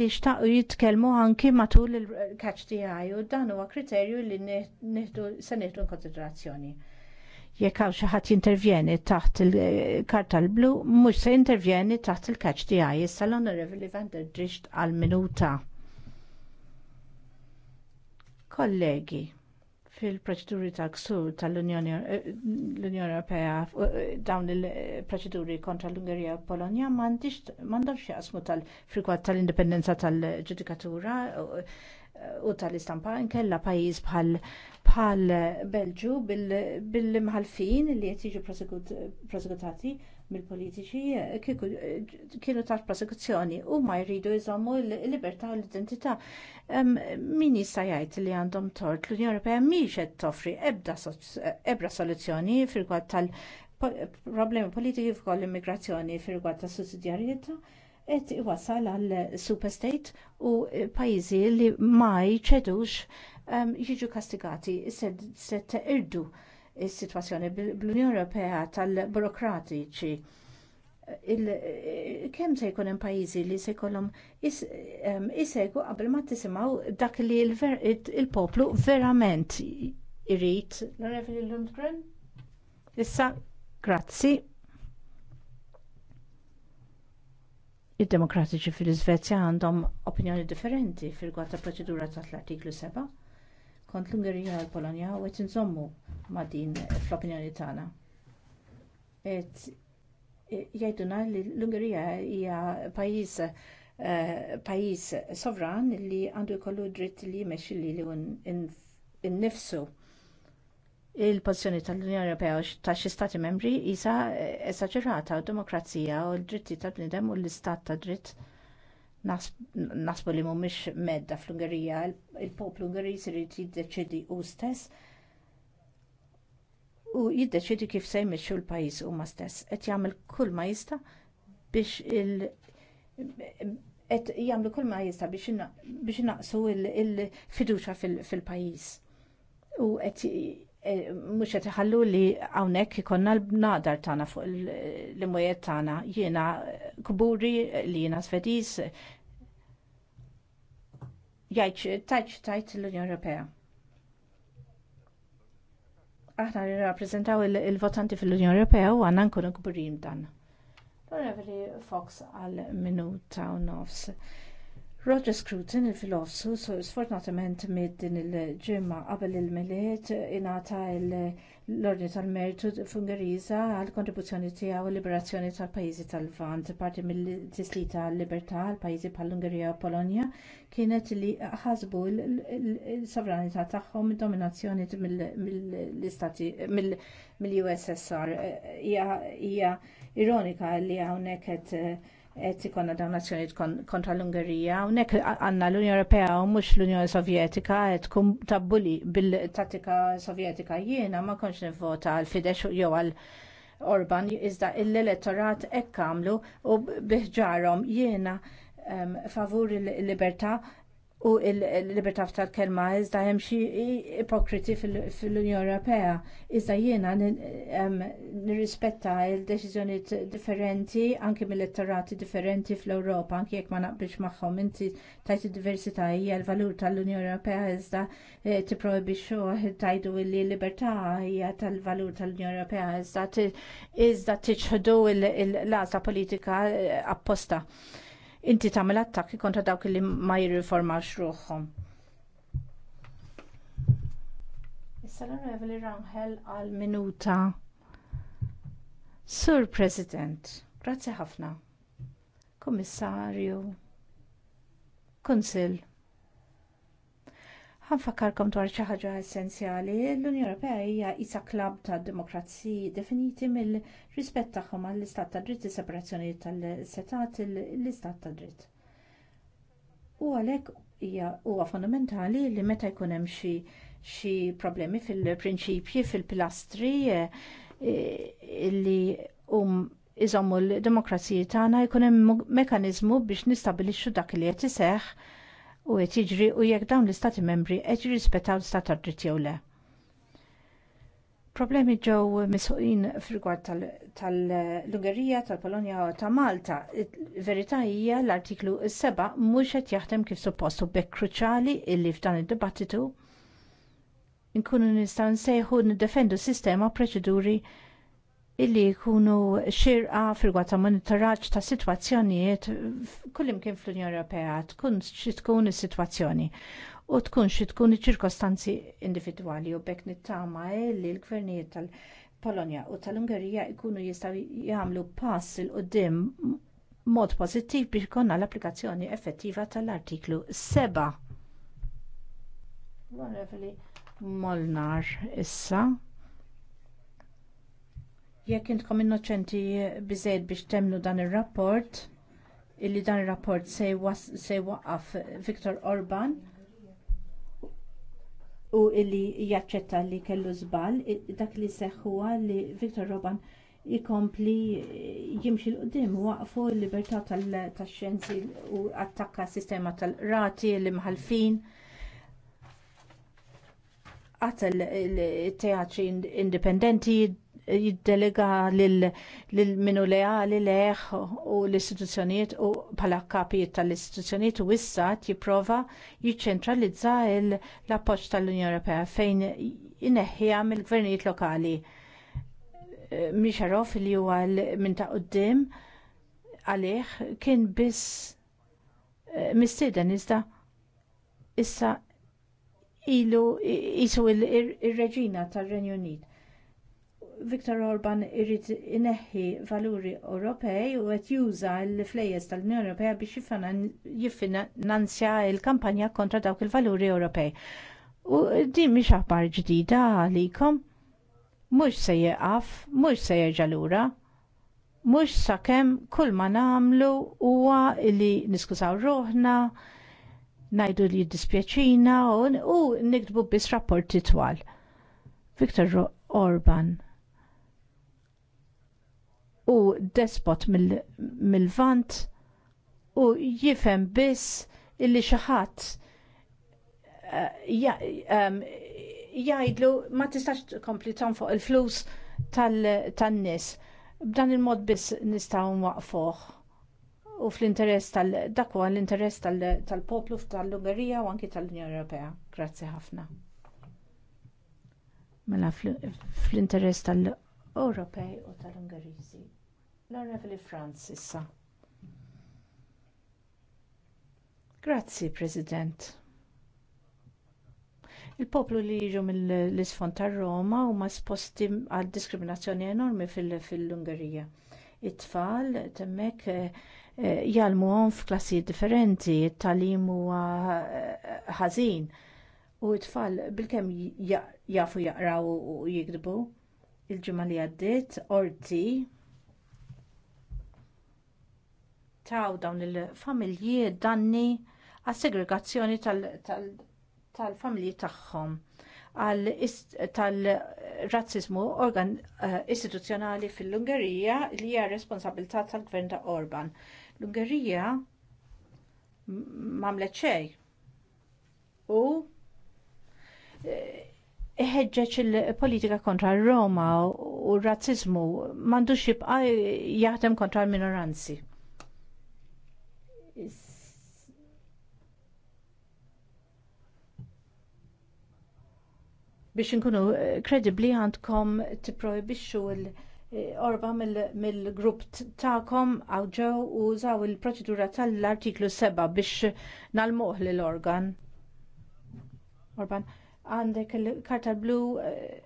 li xtaqu jitkellmu anki matul il-catch tiegħi u dan huwa kriterju li se nieħdu konsiderazzjoni. Jekk hawn xi ħadd jintervjeni taħt il-karta l-blu, mhux se jintervjeni taħt il-catch tiegħi. Issa l-Onorevoli Vander Drixt għal minuta. Kollegi, fil-proċeduri ta' ksur tal-Unjoni eh, Ewropea eh, dawn il-proċeduri kontra l-Ungerija u Polonja m'għandhomx jaqsmu tal-frikwat tal-indipendenza tal-ġudikatura eh, u tal-istampa nkella pajjiż bħal bħal Belġu bil-imħalfin li qed jiġu prosekutati mill-politiċi kienu taħt prosekuzzjoni u ma jridu jżommu l-libertà u l-identità. Min jista' jgħid li għandhom tort l-Unjoni Ewropea mhix qed toffri ebda soluzzjoni fil tal-problemi politiċi fuq l-immigrazzjoni fil tas sussidjarjetà qed iwasal għal superstate u pajjiżi li ma jċedux jiġu kastigati se irdu is-sitwazzjoni bl-Unjoni Ewropea tal-burokratiċi kemm se jkun hemm pajjiżi li se jkollhom isegwu qabel ma tisimgħu dak li il-poplu verament irid. l Lundgren? Issa, grazzi. Id-demokratiċi fil-Iżvezja għandhom opinjoni differenti fil-gwatta proċedura ta' l-artiklu 7 kont l-Ungerija u l-Polonja u qed insommu ma' din fl-opinjoni tagħna. Et e, jgħiduna li l-Ungerija hija e, pajjiż sovran li għandu jkollu dritt li jmexxi li innifsu. Il-pożizzjoni tal-Unjoni Ewropea ta' xi stati membri isa esaġerata u demokrazija u l-dritti tal-bniedem u l-istat ta' dritt nasbu li mhumiex medda fl-Ungerija, il-poplu Ungeriż irid jiddeċidi hu stess u jiddeċidi kif se jmexxu l-pajjiż huma stess. Qed jgħamil kull ma jista' biex il et jagħmlu kull ma jista' biex naqsu il-fiduċja fil-pajjiż. U qed Eh, mux qed iħallu li hawnhekk ikonna l-bnadar tagħna fuq l-imwiet tagħna. Jiena kburi li jiena Svediż Jgħidx tajt tajt l-Unjoni Ewropea. Aħna nirrappreżentaw il-votanti fil-Unjoni Ewropea u għandna nkunu kburin dan. Onorevoli Fox għal minuta u nofs. Roger Scruton, il filosu so sfortunatament mid din il-ġimma qabel il-miliet ingħata l-ordni tal-mertu fungeriza għall kontribuzzjoni tiegħu l-liberazzjoni tal-pajjiżi tal-Vant, parti mill-tislita l-libertà għal pajjiżi pal ungerija u Polonja kienet li ħasbu l-sovranità tagħhom dominazzjoni mill-istati mill-USSR. Ija ironika li għawneket qed ikonna dawn azzjonijiet kontra l-Ungerija. Hawnhekk għandna l-Unjoni Ewropea u mhux l-Unjoni Sovjetika qed tkun tabbuli bil-tattika Sovjetika jiena ma kontx nivvota għal Fidex jew għal Orban iżda l-elettorat hekk għamlu u biħġarhom jiena favur l libertà u l-libertà tal-kelma iżda hemm xi ipokriti fil-Unjoni Ewropea. Iżda jiena nirrispetta l-deċiżjonijiet differenti anke mill-elettorati differenti fl-Ewropa anke jekk ma naqbilx magħhom inti tajt id-diversità hija l-valur tal-Unjoni Ewropea iżda eh, tipprojbixxu tajdu li l-libertà hija tal-valur tal-Unjoni Ewropea iżda iżda tiġħdu l-għażla politika eh, apposta inti tagħmel attakki kontra dawk li ma jirriformax ruhom. Issa l-Onorevoli Rangel għal minuta. Sur President, grazie ħafna. Kommissarju, Konsil Ħanfakkarkom dwar xi ħaġa essenzjali, l-Unjoni Ewropea hija isa klabb ta' demokrazija definiti mill-rispett tagħhom għall-istat ta' dritt, is-separazzjoni tal-setat, l-istat ta' dritt. U għalhekk hija huwa fondamentali li meta jkun hemm xi xi problemi fil-prinċipji fil-pilastri eh, eh, li hum iżommu l-demokrazija tagħna jkun hemm mekanizmu biex nistabilixxu dak li qed iseħħ u qed jiġri u jekk dawn l-istati membri qed jirrispettaw l-istat tad dritt jew le. Problemi ġew misħuqin f'rigward tal-Ungerija, tal-Polonja u ta' Malta. Verità hija l-artiklu 7 mhux qed jaħdem kif suppost u bekk kruċjali illi f'dan id-dibattitu nkunu nistgħu nsejħu niddefendu sistema proċeduri illi jkunu xirqa firgwa ta' monitoraġġ ta' sitwazzjonijiet kullimkien fl-Unjoni Ewropea tkun xi tkun is-sitwazzjoni u tkun xi tkun iċ-ċirkostanzi individwali u bekk nittama li l-gvernijiet tal-Polonja u tal-Ungerija jkunu jistgħu jagħmlu pass il qudiem mod pożittiv biex konna l-applikazzjoni effettiva tal-artiklu 7. Onorevoli Molnar issa. Jekk intkom innoċenti biżejt biex temnu dan ir-rapport, illi dan ir-rapport se waqaf Viktor Orban, u illi jaċċetta li kellu żball, dak li seħħuha li Viktor Orban jikompli jimxi l u waqfu l-libertà tax-xjenzi u attakka s sistema tal-rati li mħalfin għat il teatri indipendenti jiddelega l minu leali leħ u l-istituzzjonijiet u bħala kapijiet tal istituzzjoniet u issa jipprova jiċċentralizza l-appoġġ tal-Unjoni Ewropea fejn ineħħija mill-gvernijiet lokali. Mixarof li huwa minn ta' qudiem għalih kien biss eh, mistieden iżda issa ilu jisu il-reġina tal-Renju Unit Viktor Orban irrid ineħi valuri Ewropej u qed juża l-flejjes tal-Unjoni Ewropea biex jiffinanzja l-kampanja kontra dawk il-valuri Ewropej. U din mhix aħbar ġdida għalikom. Mhux se jieqaf, mhux se jerġa' lura. Mhux sakemm kull ma nagħmlu huwa li niskużaw roħna, ngħidu li jiddispjaċina u nikdbu biss rapporti twal. Viktor Orban u despot mill-vant u jifhem biss illi xi ħadd eh, jgħidlu ma tistax tkompli fuq il-flus tan-nies. B'dan il-mod biss nistgħu nwaqfuh u fl-interess tal dak huwa l-interess tal-poplu tal-Ungerija u anki tal-Unjoni Ewropea. Grazzi ħafna. Mela fl-interess tal-Ewropej u tal ungerizi L-Onorevoli Franz issa. Grazzi, President. Il-poplu li jiġu mill-isfond tar Roma huma sposti għal diskriminazzjoni enormi fil-Ungerija. It-tfal temmek eh, eh, jalmuhom f'klassi differenti, it-talim huwa eh, ħażin u t-tfal bilkemm jafu jaqraw u jikdbu il-ġimgħa li għaddiet orti Taw dawn il-familji danni għas-segregazzjoni tal-familji tagħhom tal-razzizmu eh, istituzzjonali fil-Ungerija li hija responsabilità tal-gvern ta' Orban. L-Ungerija m'għamlet xejn u eh, iħeġġeġ il-politika kontra Roma u r-razzizmu m'għandux jibqa' jaħdem kontra l-minoranzi. biex nkunu eh, kredibli għandkom tipprojbixxu l-orba eh, mill-grupp tagħkom għaw ġew u użaw il-proċedura tal-artiklu 7 biex nal-moħ l-organ. Orban, għandek il-karta blu eh,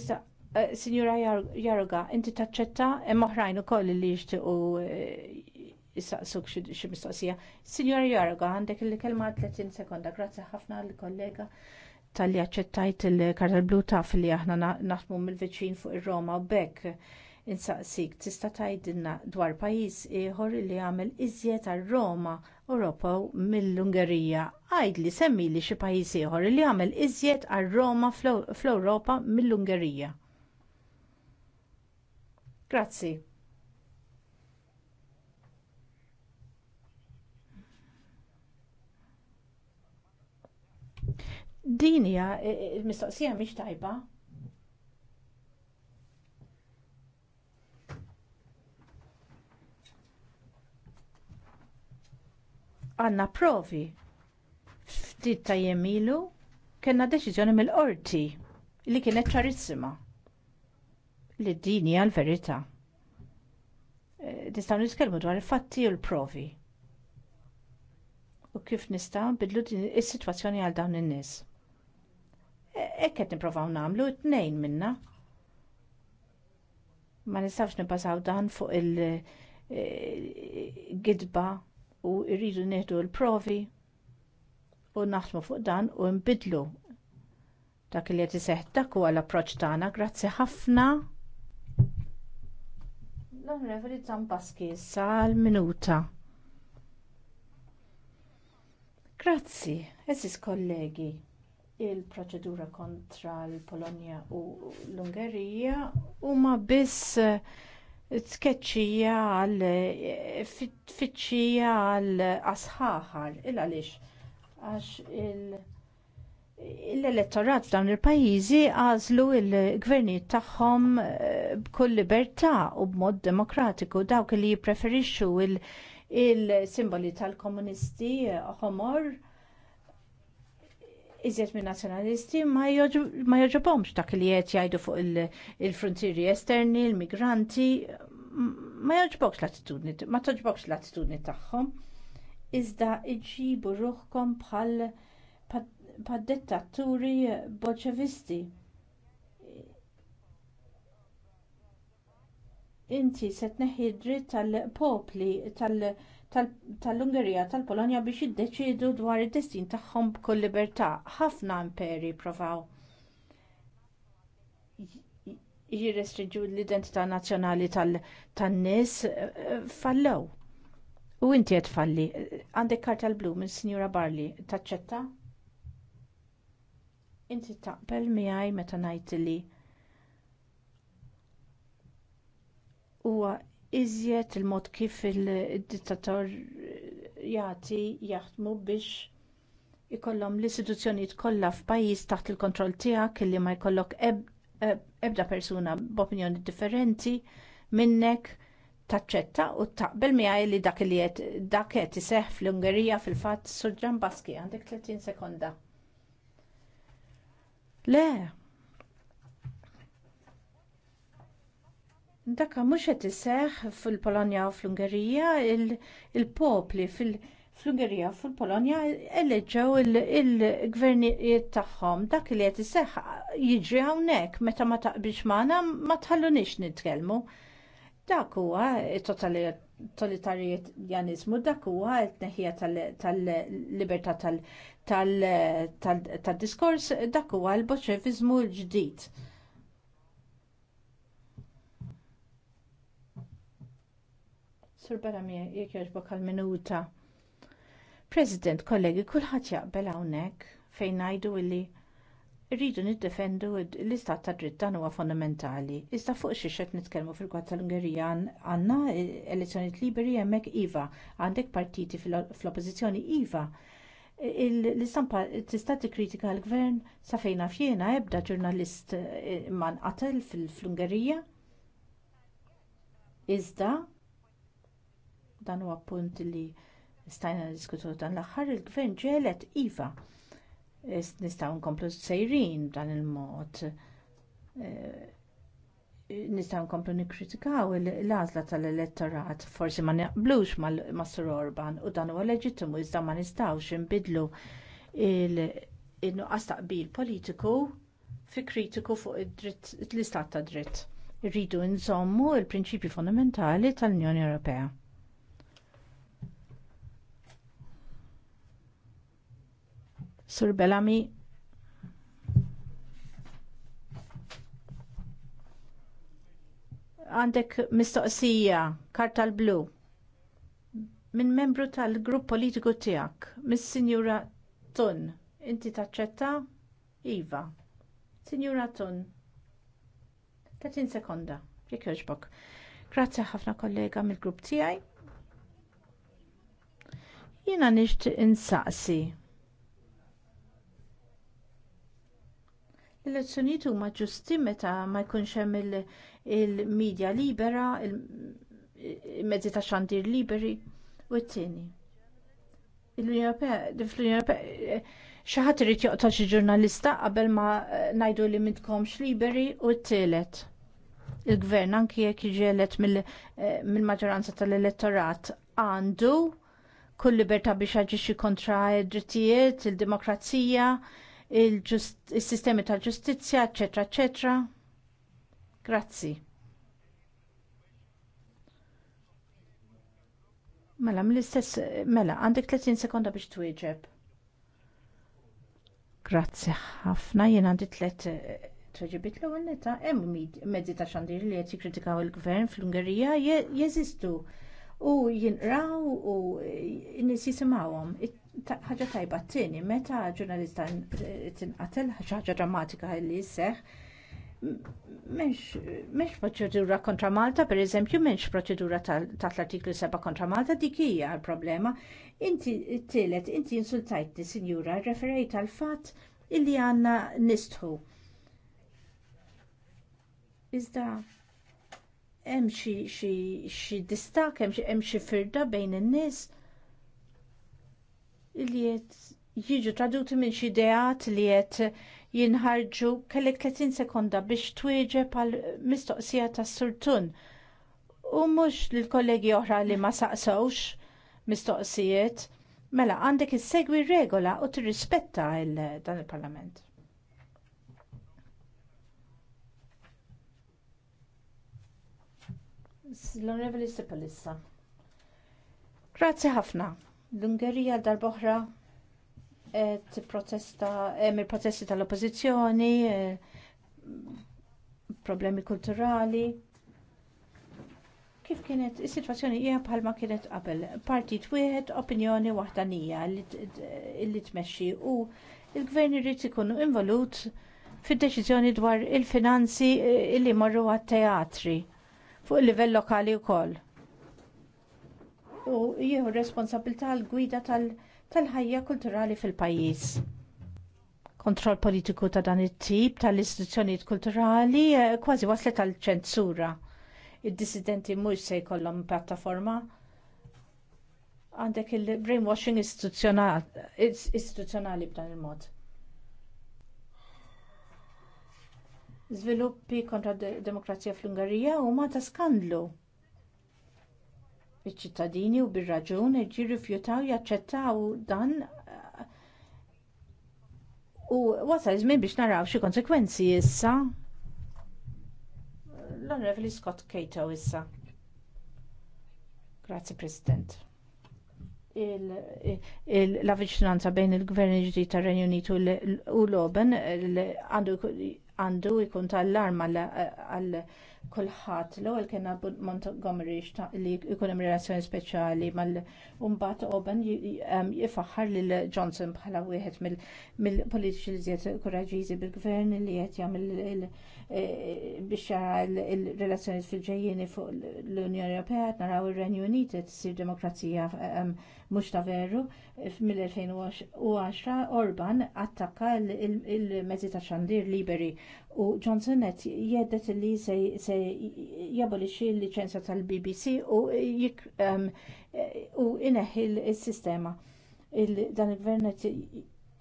issa Signora Jaroga, inti taċċetta hemm oħrajn ukoll li jixtiequ jistaqsuk xi mistoqsija. Signora Jaroga, għandek il-kelma 30 sekonda. Grazzi ħafna l-kollega tal-li aċċettajt il kartel blu taf li aħna naħdmu mill-viċin fuq ir-Roma u bekk insaqsik tista' tgħidilna dwar pajjiż ieħor li għamel iżjed għal roma Ewropew mill-Ungerija. li semmi li xi pajjiż ieħor li għamel iżjed għar-Roma fl-Ewropa mill-Ungerija. Grazzi. Din hija eh, eh, mistoqsija mhix tajba. Għanna provi ftit ta' jemilu kena deċiżjoni mill-qorti li kienet ċarissima li dinja l-verita. verità eh, Nistaw niskelmu dwar il-fatti u l-provi. U kif nista' bidlu din is-sitwazzjoni għal dawn in-nies. Ekket niprofaw namlu t-nejn minna. Ma nistawx nibasaw dan fuq il-gidba eh, u irridu neħdu l-provi u naħdmu fuq dan u nbidlu dak li qed iseħħ dak u l-approċċ tagħna. Grazzi ħafna. L-Onorevoli Zambaski sal minuta. Grazzi, eżis kollegi il-proċedura kontra l-Polonja u l-Ungerija huma biss eh, tkeċċija għal eh, fitċija għal asħaħar il għaliex għax l-elettorat f'dawn il-pajjiżi għażlu l gvernijiet tagħhom eh, b'kull libertà u b'mod demokratiku dawk li jippreferixxu il-simboli tal-komunisti ħomor iżjed minn nazzjonalisti ma joġobomx dak li qed jgħidu fuq il-frontieri esterni, il-migranti, ma joġobomx l-attitudni, ma toġobomx l-attitudni tagħhom. Iżda iġibu ruħkom bħal dettaturi bolċevisti. Inti se tneħħi dritt tal-popli tal-, -popli, tal tal-Ungerija tal-Polonja biex jiddeċiedu dwar id-destin tagħhom b'kull libertà. Ħafna imperi provaw jirrestriġu l-identità nazzjonali tan-nies eh, eh, fallew. U inti qed falli. Għandek karta l-blu minn Sinjura Barli, taċċetta? Inti taqbel miegħi meta ngħid li huwa iżjed il-mod kif il-dittator jati jaħdmu biex ikollhom l-istituzzjonijiet kollha f'pajjiż taħt il-kontroll tiegħek li ma jkollok ebda persuna b'opinjoni differenti minnek taċċetta u taqbel miegħi li dak li qed dak qed iseħħ fl-Ungerija fil-fatt Surġan Baski għandek 30 sekonda. Le, Daka mhux qed iseħħ fil-Polonja u fl-Ungerija, il-popli fl-Ungerija u fil-Polonja eleġġew il-gvernijiet tagħhom. Dak li qed iseħħ jiġri hawnhekk meta ma taqbilx magħna ma tħallunix nitkellmu. Dak huwa totalitarjanizmu, dak huwa t-neħija tal-libertà tal-diskors, dak huwa l-boċevizmu l-ġdid Sur Baramie, jek joġbok għal-minuta. President, kollegi, kulħadd jaqbel hawnhekk fejn ngħidu illi rridu niddefendu l-istat ta' dritt dan huwa fondamentali. Iżda fuq xi qed nitkellmu fil-kwatt tal-Ungerija għandna eh, elezzjonijiet liberi hemmhekk iva, għandek partiti fl-oppożizzjoni iva. Eh, l-istampa tista' tikkritika l-gvern sa fejn naf jiena ebda ġurnalist eh, ma nqatel fil ungerija Iżda dan huwa punt li stajna diskutu dan l-aħħar il-gvern ġelet iva. Nistgħu nkomplu sejrin dan il-mod. Eh, Nistgħu nkomplu nikkritikaw l-għażla tal-elettorat forsi ma naqblux mas-Sur Orban u dan huwa leġittimu iżda ma nistgħux nbidlu il-nuqqas taqbil politiku fi kritiku fuq l-istat ta' dritt. Irridu nżommu l prinċipji fondamentali tal-Unjoni Ewropea. Sur Bellamy. Għandek mistoqsija, karta l-blu, minn membru tal-grupp politiku tijak, miss Sinjura Tun. Inti taċċetta? Iva. Sinjura Tun. 30 sekonda, jek joġbok. Grazzi ħafna kollega mill-grupp tijaj. Jina nixt insaqsi l lezzjonijiet huma ġusti meta ma jkunx hemm il-medja libera, il-mezzi ta' xandir liberi u t-tieni. Eh, xi ħadd irid joqtol xi ġurnalista qabel ma eh, ngħidu li m'intkomx liberi u t-tielet. Il-gvern anki jekk jiġi elett eh, mill-maġġoranza tal-elettorat għandu kull libertà biex aġixxi kontra d-drittijiet, il-demokrazija, il-sistemi il tal-ġustizzja, eccetera, eccetera. Grazzi. Mela, mill-istess, mela, għandek 30 sekonda biex twieġeb. Grazzi ħafna, jien għandi tlet eh, tweġibit l-ewwel neta hemm mezzi ta' xandir li qed jikkritikaw il-gvern fl-Ungerija jeżistu u jinqraw u nies jisimgħuhom ħaġa tajba t-tini, meta ġurnalista tinqatel ħaġa drammatika li jisseħ, Menx proċedura kontra Malta, per eżempju, menx proċedura tal-artiklu 7 kontra Malta, dik hija l-problema. Inti t-telet, inti insultajtni, sinjura, referejt għal fatt illi għanna nistħu. Iżda, hemm xi distak, hemm xi firda bejn in-nies li jiet jiġu traduti minn xi ideat li qed jinħarġu kellek 30 sekonda biex twieġeb għal mistoqsija tas surtun u mhux lill kollegi oħra li ma saqsawx mistoqsijiet. Mela, għandek is-segwi regola u tirrispetta dan il-Parlament. L-Onorevoli Sipalissa. Grazie ħafna. L-Ungerija darboħra et protesta, emir eh, protesti tal-oppozizjoni, eh, problemi kulturali. Kif kienet, is-situazzjoni hija bħalma kienet qabel. Partit wieħed, opinjoni waħdanija li tmexxi u l gvern irid ikun involut fid-deċiżjoni dwar il-finanzi eh, li marru għat-teatri fuq il-livell lokali wkoll u jieħu r-responsabbilta għal gwida tal-ħajja kulturali fil-pajjiż. Kontroll politiku ta' dan it-tip tal-istituzzjonijiet kulturali eh, kważi waslet għal ċensura. Id-dissidenti mhux se jkollhom pjattaforma għandek il-brainwashing istituzzjonali b'dan il-mod. Żviluppi kontra d demokrazija fl-Ungarija huma ta' skandlu iċ-ċittadini u bir-raġun ġi rifjutaw jaċċettaw dan uh, u wasal iż-żmien biex naraw xi konsekwenzi issa l-Onorevoli Scott Cato issa. Grazzi President. L-avvicinanza bejn il-Gvern ġdid tar renju Unitu u l-Oben għandu jkun tal-arma għal kulħadd l-ewwel kien Montgomery li jkun hemm relazzjoni speċjali mal mbagħad Oban jifaħħar lil Johnson bħala wieħed mill-politiċi li żied kuraġiżi bil-gvern li qed jagħmel Eh, biex il-relazzjoni fil-ġejjeni fuq l-Unjoni Ewropea naraw ir-Renju Unit tsir demokrazija ehm, mhux ta' veru mill-2010 Orban attakka il-mezzi ta' xandir liberi u Johnson qed jeddet li se jabolixxi l licenza tal-BBC ehm, u ineħħi il sistema Dan il-gvern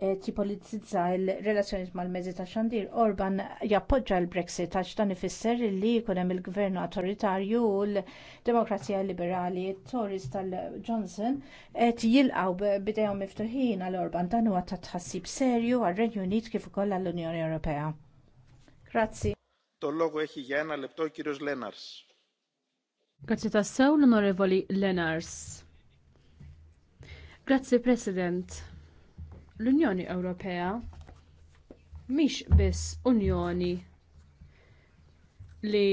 Eh, tipolitizza il-relazzjoni mal-mezzi ta' xandir, Orban jappoġġa l-Brexit għax dan ifisser li jkun hemm il-gvern autoritarju u l-demokrazija liberali Tories tal-Johnson qed jilqgħu bidejhom miftuħin għal Orban dan huwa ta' tħassib serju għar-Renju Unit kif ukoll għall-Unjoni Ewropea. Grazzi. Tollogu eħi jena l kirus Lenars. Grazzi l-Onorevoli Lenars. Grazzi President l-Unjoni Ewropea mhix biss Unjoni li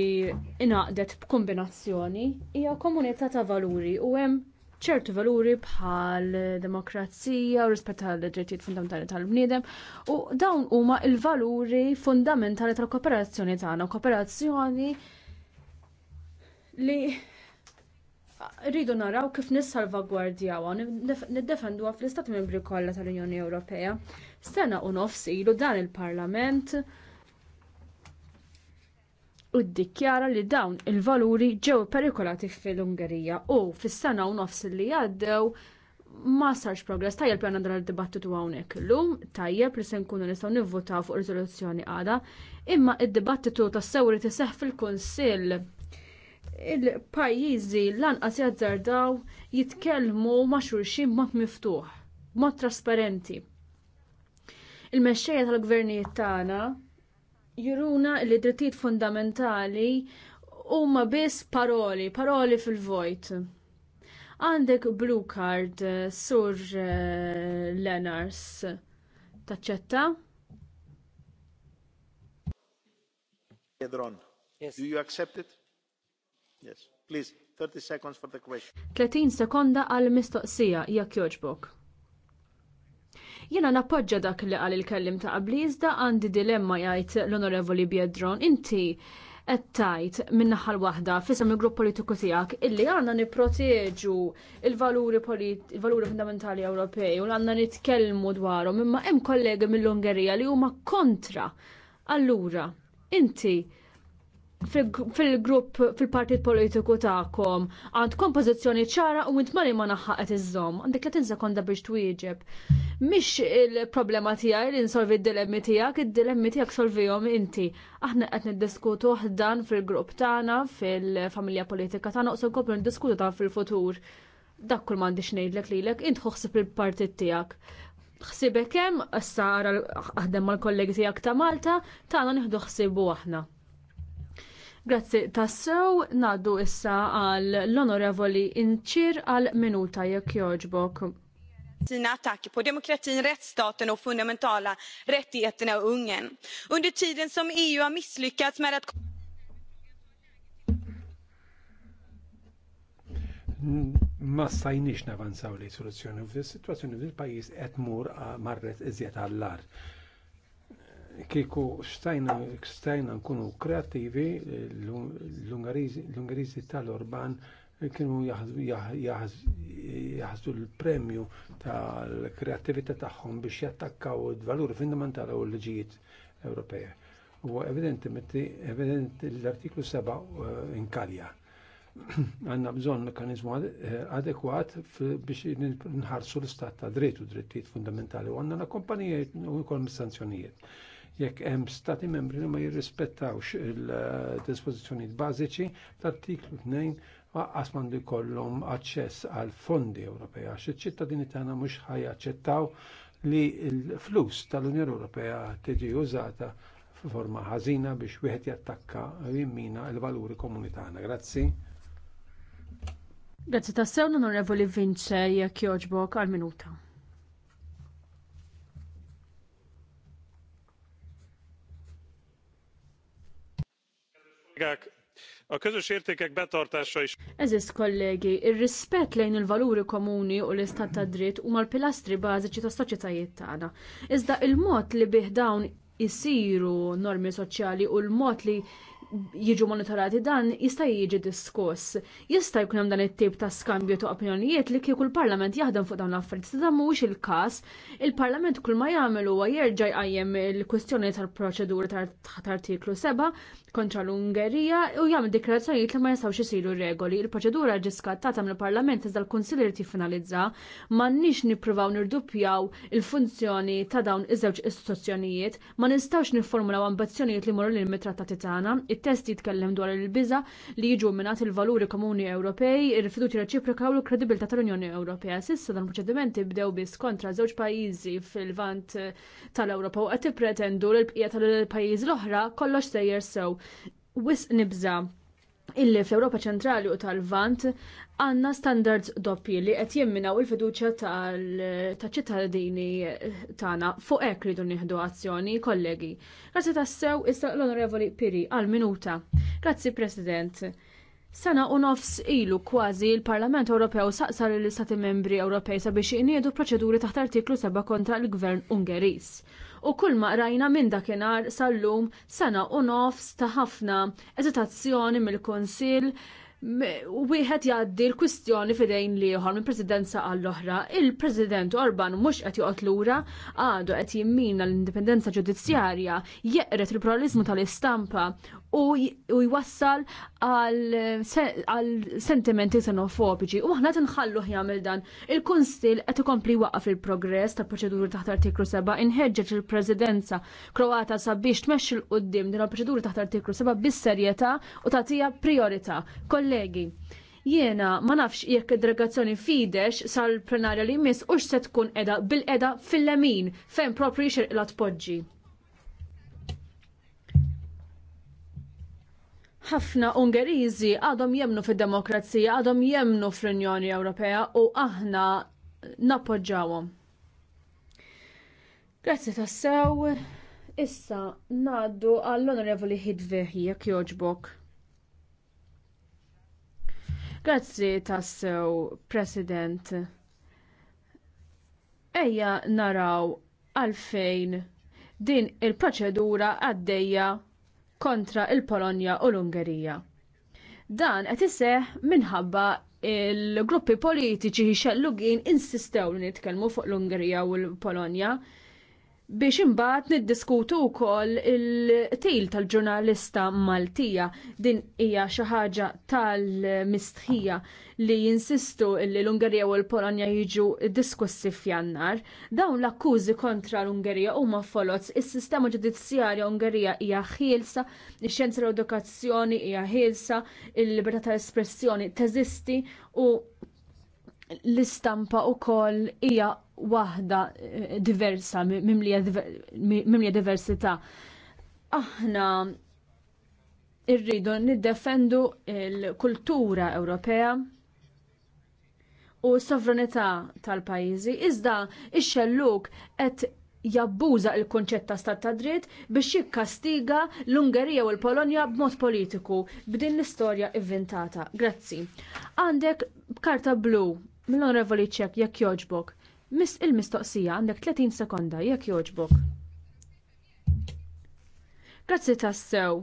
ingħaqdet b'kombinazzjoni hija komunità ta' valuri u hemm ċertu valuri bħal demokrazija u rispett tal drittijiet fundamentali tal-bniedem u dawn huma l valuri fundamentali tal-kooperazzjoni tagħna, kooperazzjoni li rridu naraw kif nissalvagwardjawa, niddefenduha fl-Istati Membri kollha tal-Unjoni Ewropea. Sena u nofs ilu dan il-Parlament u ddikjara li dawn il-valuri ġew perikolati fil-Ungerija u fis-sena u nofs li għaddew ma sarx progress tajjeb li għandna dibattitu hawnhekk illum, tajjeb li se nkunu nistgħu nivvotaw fuq riżoluzzjoni għada, imma id-dibattitu tas-sewri tiseħħ fil-Kunsill il-pajjiżi lanqas jazzardaw jitkellmu ma' xulxin mod miftuħ, mod trasparenti. Il-mexxejja tal-gvernijiet tagħna juruna li drittijiet fundamentali huma biss paroli, paroli fil-vojt. Għandek blue card eh, sur eh, Lenars taċċetta? Yes. Do you accept it? Yes, please, 30 seconds for the question. 30 sekonda għal mistoqsija jekk joġbok. Jena nappoġġa dak li għal il-kellim ta' qabli iżda għandi dilemma jgħid l-Onorevoli Biedron. Inti qed tgħid minnaħal waħda fisem il-grupp politiku tiegħek illi għandna nipproteġu il-valuri il-valuri fundamentali Ewropej u għandna nitkellmu dwarhom imma hemm kollegi mill-Ungerija li huma kontra. Allura, inti fil-grupp fil-partit politiku tagħkom għandkom pożizzjoni ċara u intmani ma naħħaqet iż-żomm, għandek 30 sekonda biex twieġeb. Mhix il-problema tiegħi li nsolvi d-dilemmi tiegħek, id-dilemmi tiegħek solvihom inti. Aħna qed niddiskutu ħdan fil-grupp tagħna, fil-familja politika tagħna u se niddiskutu ta' fil-futur. Dak kull m'għandix ngħidlek lilek, int ħoħsib il-partit tiegħek ħsibek hemm issa ara mal-kollegi tiegħek ta' Malta, tagħna nieħdu ħsibu aħna. Grazzi tassew naddu issa għal l-onorevoli inċir għal minuta jekk joġbok. Sina attacker på demokratin, rättsstaten och fundamentala rättigheterna och ungen. Under tiden som EU har misslyckats med att ma stajniex navanzaw li soluzzjoni f'dis situazzjoni fil pajis qed mur marret iżjet għallar kiku stajna, stajna nkunu kreativi, l-Ungarizi tal-Orban kienu jaħdu l-premju tal-kreativita tagħhom biex jattakkaw il-valuri fundamentali u l ġijiet Ewropea. U evidenti, evidenti l-artiklu 7 inkalja għanna bżon mekanizmu adekwat biex nħarsu l-istat ta' dritt u drittijiet fundamentali u għanna la kompanijiet u kol sanzjonijiet jekk hemm stati membri li ma jirrispettawx il-dispożizzjonijiet bażiċi tal-artiklu 2 waqqas mandu jkollhom aċċess għal fondi Ewropej għax iċ-ċittadini tagħna mhux ħajaċċettaw li l-flus tal-Unjoni Ewropea tiġi użata f'forma ħażina biex wieħed jattakka jimmina l-valuri komuni tagħna. Grazzi. Grazzi tassew l-Onorevoli Vince jekk jogħġbok għal minuta. kollégák, a közös értékek betartása is. Eżis kollegi, ir-rispett lejn il-valuri komuni u l-istat ta' dritt huma l-pilastri bażiċi tas soċjetajiet tagħna. Iżda il-mod li bih dawn isiru normi soċjali u l-mod li jiġu monitorati dan jista' jiġi diskuss. Jista' jkun hemm dan it-tip ta' skambju ta' opinjonijiet li kieku l-Parlament jaħdem fuq dawn l-affarijiet. Dan mhuwiex il-każ, il-Parlament kull ma jagħmel huwa jerġa' jqajjem il-kwistjoni tal-proċeduri taħt artiklu 7 kontra l-Ungerija u jagħmel dikrazzjonijiet li ma jistgħux isiru regoli. Il-proċedura ġi skattata mill-Parlament iżda l-Kunsill irid jiffinalizza m'għandniex nippruvaw nirdupjaw il-funzjoni ta' dawn iż-żewġ istituzzjonijiet, ma nistgħux nifformulaw ambizzjonijiet li morru lil mitrattati tagħna it-test jitkellem dwar il-biża li jiġu minnat il-valuri komuni Ewropej, ir-fiduċi reċiproka u l-kredibilità tal-Unjoni Ewropea. Sissa dan proċedimenti bdew biss kontra żewġ pajjiżi fil-vant tal-Ewropa u qed tippretendu l bqija tal-pajjiż l-oħra kollox sejjer sew. Wis nibża illi fl-Ewropa ċentrali u tal-Vant għanna standards doppi li qed jemminaw il-fiduċja tal-ċittadini eh, tagħna fuq hekk ridu nieħdu azzjoni, kollegi. Grazzi tassew issa l-Onorevoli Piri għal minuta. Grazzi President. Sena u nofs ilu kważi il-Parlament Ewropew saqsar l istati membri Ewropej sabiex iniedu proċeduri taħt artiklu 7 kontra l-Gvern Ungeris u kull ma rajna minn dakinhar sal-lum sena u nofs ta' ħafna eżitazzjoni mill-Konsil u wieħed jgħaddi l-kwistjoni fidejn liħor minn presidenza għall-oħra, il-President Orban mhux qed joqgħod lura għadu qed jimmina l-indipendenza ġudizzjarja jeqret il-pluralizmu tal-istampa u jwassal għal sentimenti xenofobiċi u aħna tinħallu jagħmel dan. Il-Kunstil qed ikompli waqaf il-progress tal-proċeduri taħt artiklu 7 inħeġġeġ il-Presidenza Kroata sabiex tmexxi l-qudiem din il-proċeduri taħt artiklu 7 bis-serjetà u tagħtiha priorità. Kolli kollegi. Jiena ma nafx jekk id-delegazzjoni fidex sal-plenarja li jmiss u se tkun edha bil-edha fil-lemin fejn propri xirq la tpoġġi. ħafna Ungeriżi għadhom jemnu fid-demokrazija, għadhom jemnu fl-Unjoni Ewropea u aħna nappoġġawhom. Grazzi tassew. Issa, naddu għall-Onorevoli Hidveħi jekk jogħġbok. Grazzi tassew, President. Ejja naraw għalfejn din il-proċedura għaddejja kontra il-Polonja u l-Ungerija. Dan qed iseħħ minħabba il-gruppi politiċi xellugin insistew li nitkellmu fuq l-Ungerija u l-Polonja biex imbagħad niddiskutu wkoll il-til tal-ġurnalista Maltija din hija xi ħaġa tal-mistħija li jinsistu li l-Ungerija u l-Polonja jiġu diskussi f'jannar. Dawn l-akkużi kontra l-Ungerija huma folots is-sistema ġudizzjarja Ungerija hija ħielsa, ix-xjenza l-edukazzjoni hija ħielsa, il-libertà tal-espressjoni teżisti u l-istampa wkoll hija waħda eh, diversa, mimlija diversità. Aħna irridu niddefendu l kultura Ewropea u s-sovranità tal-pajjiżi. Iżda ix-xelluk qed jabbuża l konċett ta' stat ta' dritt biex jikkastiga l-Ungerija u l-Polonja b'mod politiku b'din l-istorja inventata. Grazzi. Għandek karta blu Mill-Onorevoli Ċek, jekk joġbok. Mis il-mistoqsija għandek 30 sekonda, jekk joġbok. Grazzi tassew.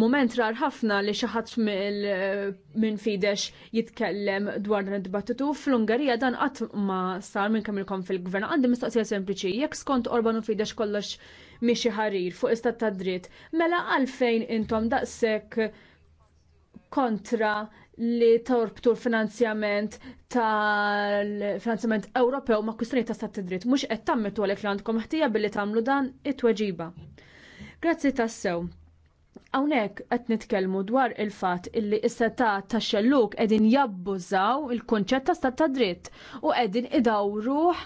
Moment rar ħafna li xaħat minn fidex jitkellem dwar dan id-dibattitu fl-Ungarija dan qatt ma sar minn kemm ilkom fil-gvern. Għandi mistoqsija sempliċi, jekk skont Orban u fidex kollox miexi ħarir fuq istat ta' dritt, mela għalfejn intom daqshekk kontra li torbtu l-finanzjament tal-finanzjament Ewropew ma' kwistjoni ta' stat dritt. Mhux qed tammetu għalhekk li għandkom ħtija billi tagħmlu dan it-tweġiba. Grazzi tassew. Hawnhekk qed nitkellmu dwar il-fatt illi is seta ta' xelluk qegħdin jabbużaw il-kunċett ta' stat ta' dritt u qegħdin idawruh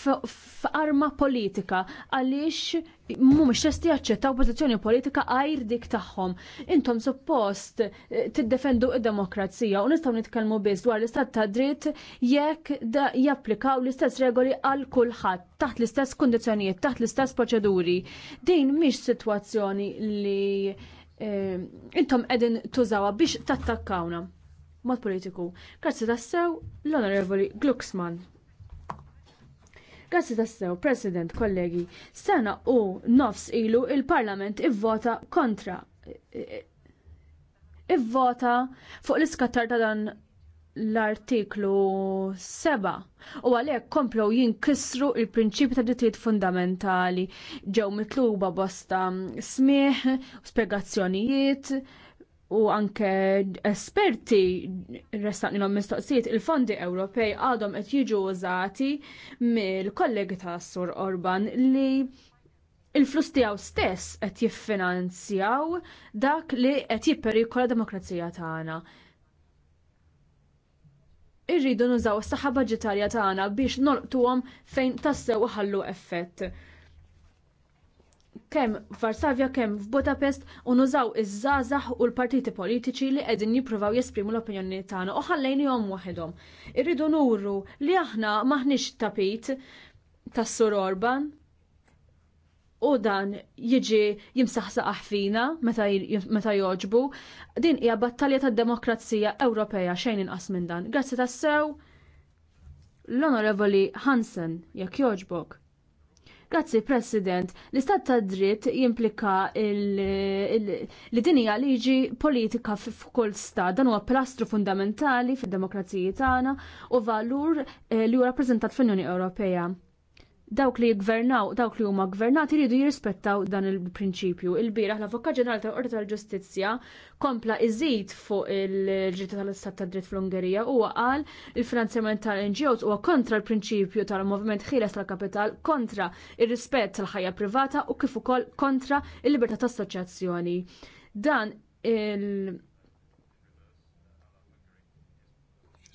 f'arma politika għaliex mhumiex lesti jaċċettaw pożizzjoni politika għajr dik tagħhom. Intom suppost eh, tiddefendu id-demokrazija u nistgħu nitkellmu biss dwar l-istat ta' dritt jekk japplikaw l-istess regoli għal kulħadd taħt l-istess kundizzjonijiet, taħt l-istess proċeduri. Din mhix sitwazzjoni li eh, intom qegħdin tużawha biex tattakkawna. Mod politiku. Grazzi tassew l-Onorevoli Glucksmann. Grazzi tassew, President, kollegi, sena u nofs ilu il-Parlament ivvota kontra. Ivvota fuq l-iskattar ta' dan l-artiklu 7 u għalhekk komplow jinkisru l prinċipi ta' dittiet fundamentali ġew mitluba bosta smieħ, spjegazzjonijiet, u anke esperti restaqni l mistoqsijiet il-fondi Ewropej għadhom qed jiġu użati mill-kollegi ta' Sur Orban li il-flus tiegħu stess qed jiffinanzjaw dak li qed jipperikola demokrazija tagħna irridu nużaw s-saħħa budġetarja tagħna biex nolqtuhom fejn tassew ħallu effett kemm f'Varsavja kemm f'Budapest u nużaw iż żazax u l-partiti politiċi li qegħdin jippruvaw jesprimu l-opinjoni tagħna u ħallejnihom waħedhom. Irridu nuru li aħna maħniex tapit tas-Sur Orban u dan jiġi jimsaħsaqaħ fina meta joġbu. Din hija battalja tad-demokrazija Ewropea xejn inqas minn dan. Grazzi tassew l-Onorevoli Hansen jekk joġbok. Grazzi, President. L-istat ta' dritt jimplika li din hija liġi politika f'kull stat. Dan huwa pilastru fundamentali fid-demokrazija tagħna u valur eh, li hu rappreżentat fl-Unjoni Ewropea dawk li jgvernaw, dawk li huma gvernati jridu jirrispettaw dan il-prinċipju. Il-bieraħ l-Avokat Ġenerali tal Qorti tal-Ġustizzja kompla iżid fuq il-ġritta tal-Istat tad dritt fl-Ungerija u qal il-finanzjament tal-NGOs huwa kontra l-prinċipju tal-Moviment Ħieles tal-Kapital, kontra ir-rispett tal-ħajja privata u kif ukoll kontra il-libertà tas-soċjazzjoni. Dan il-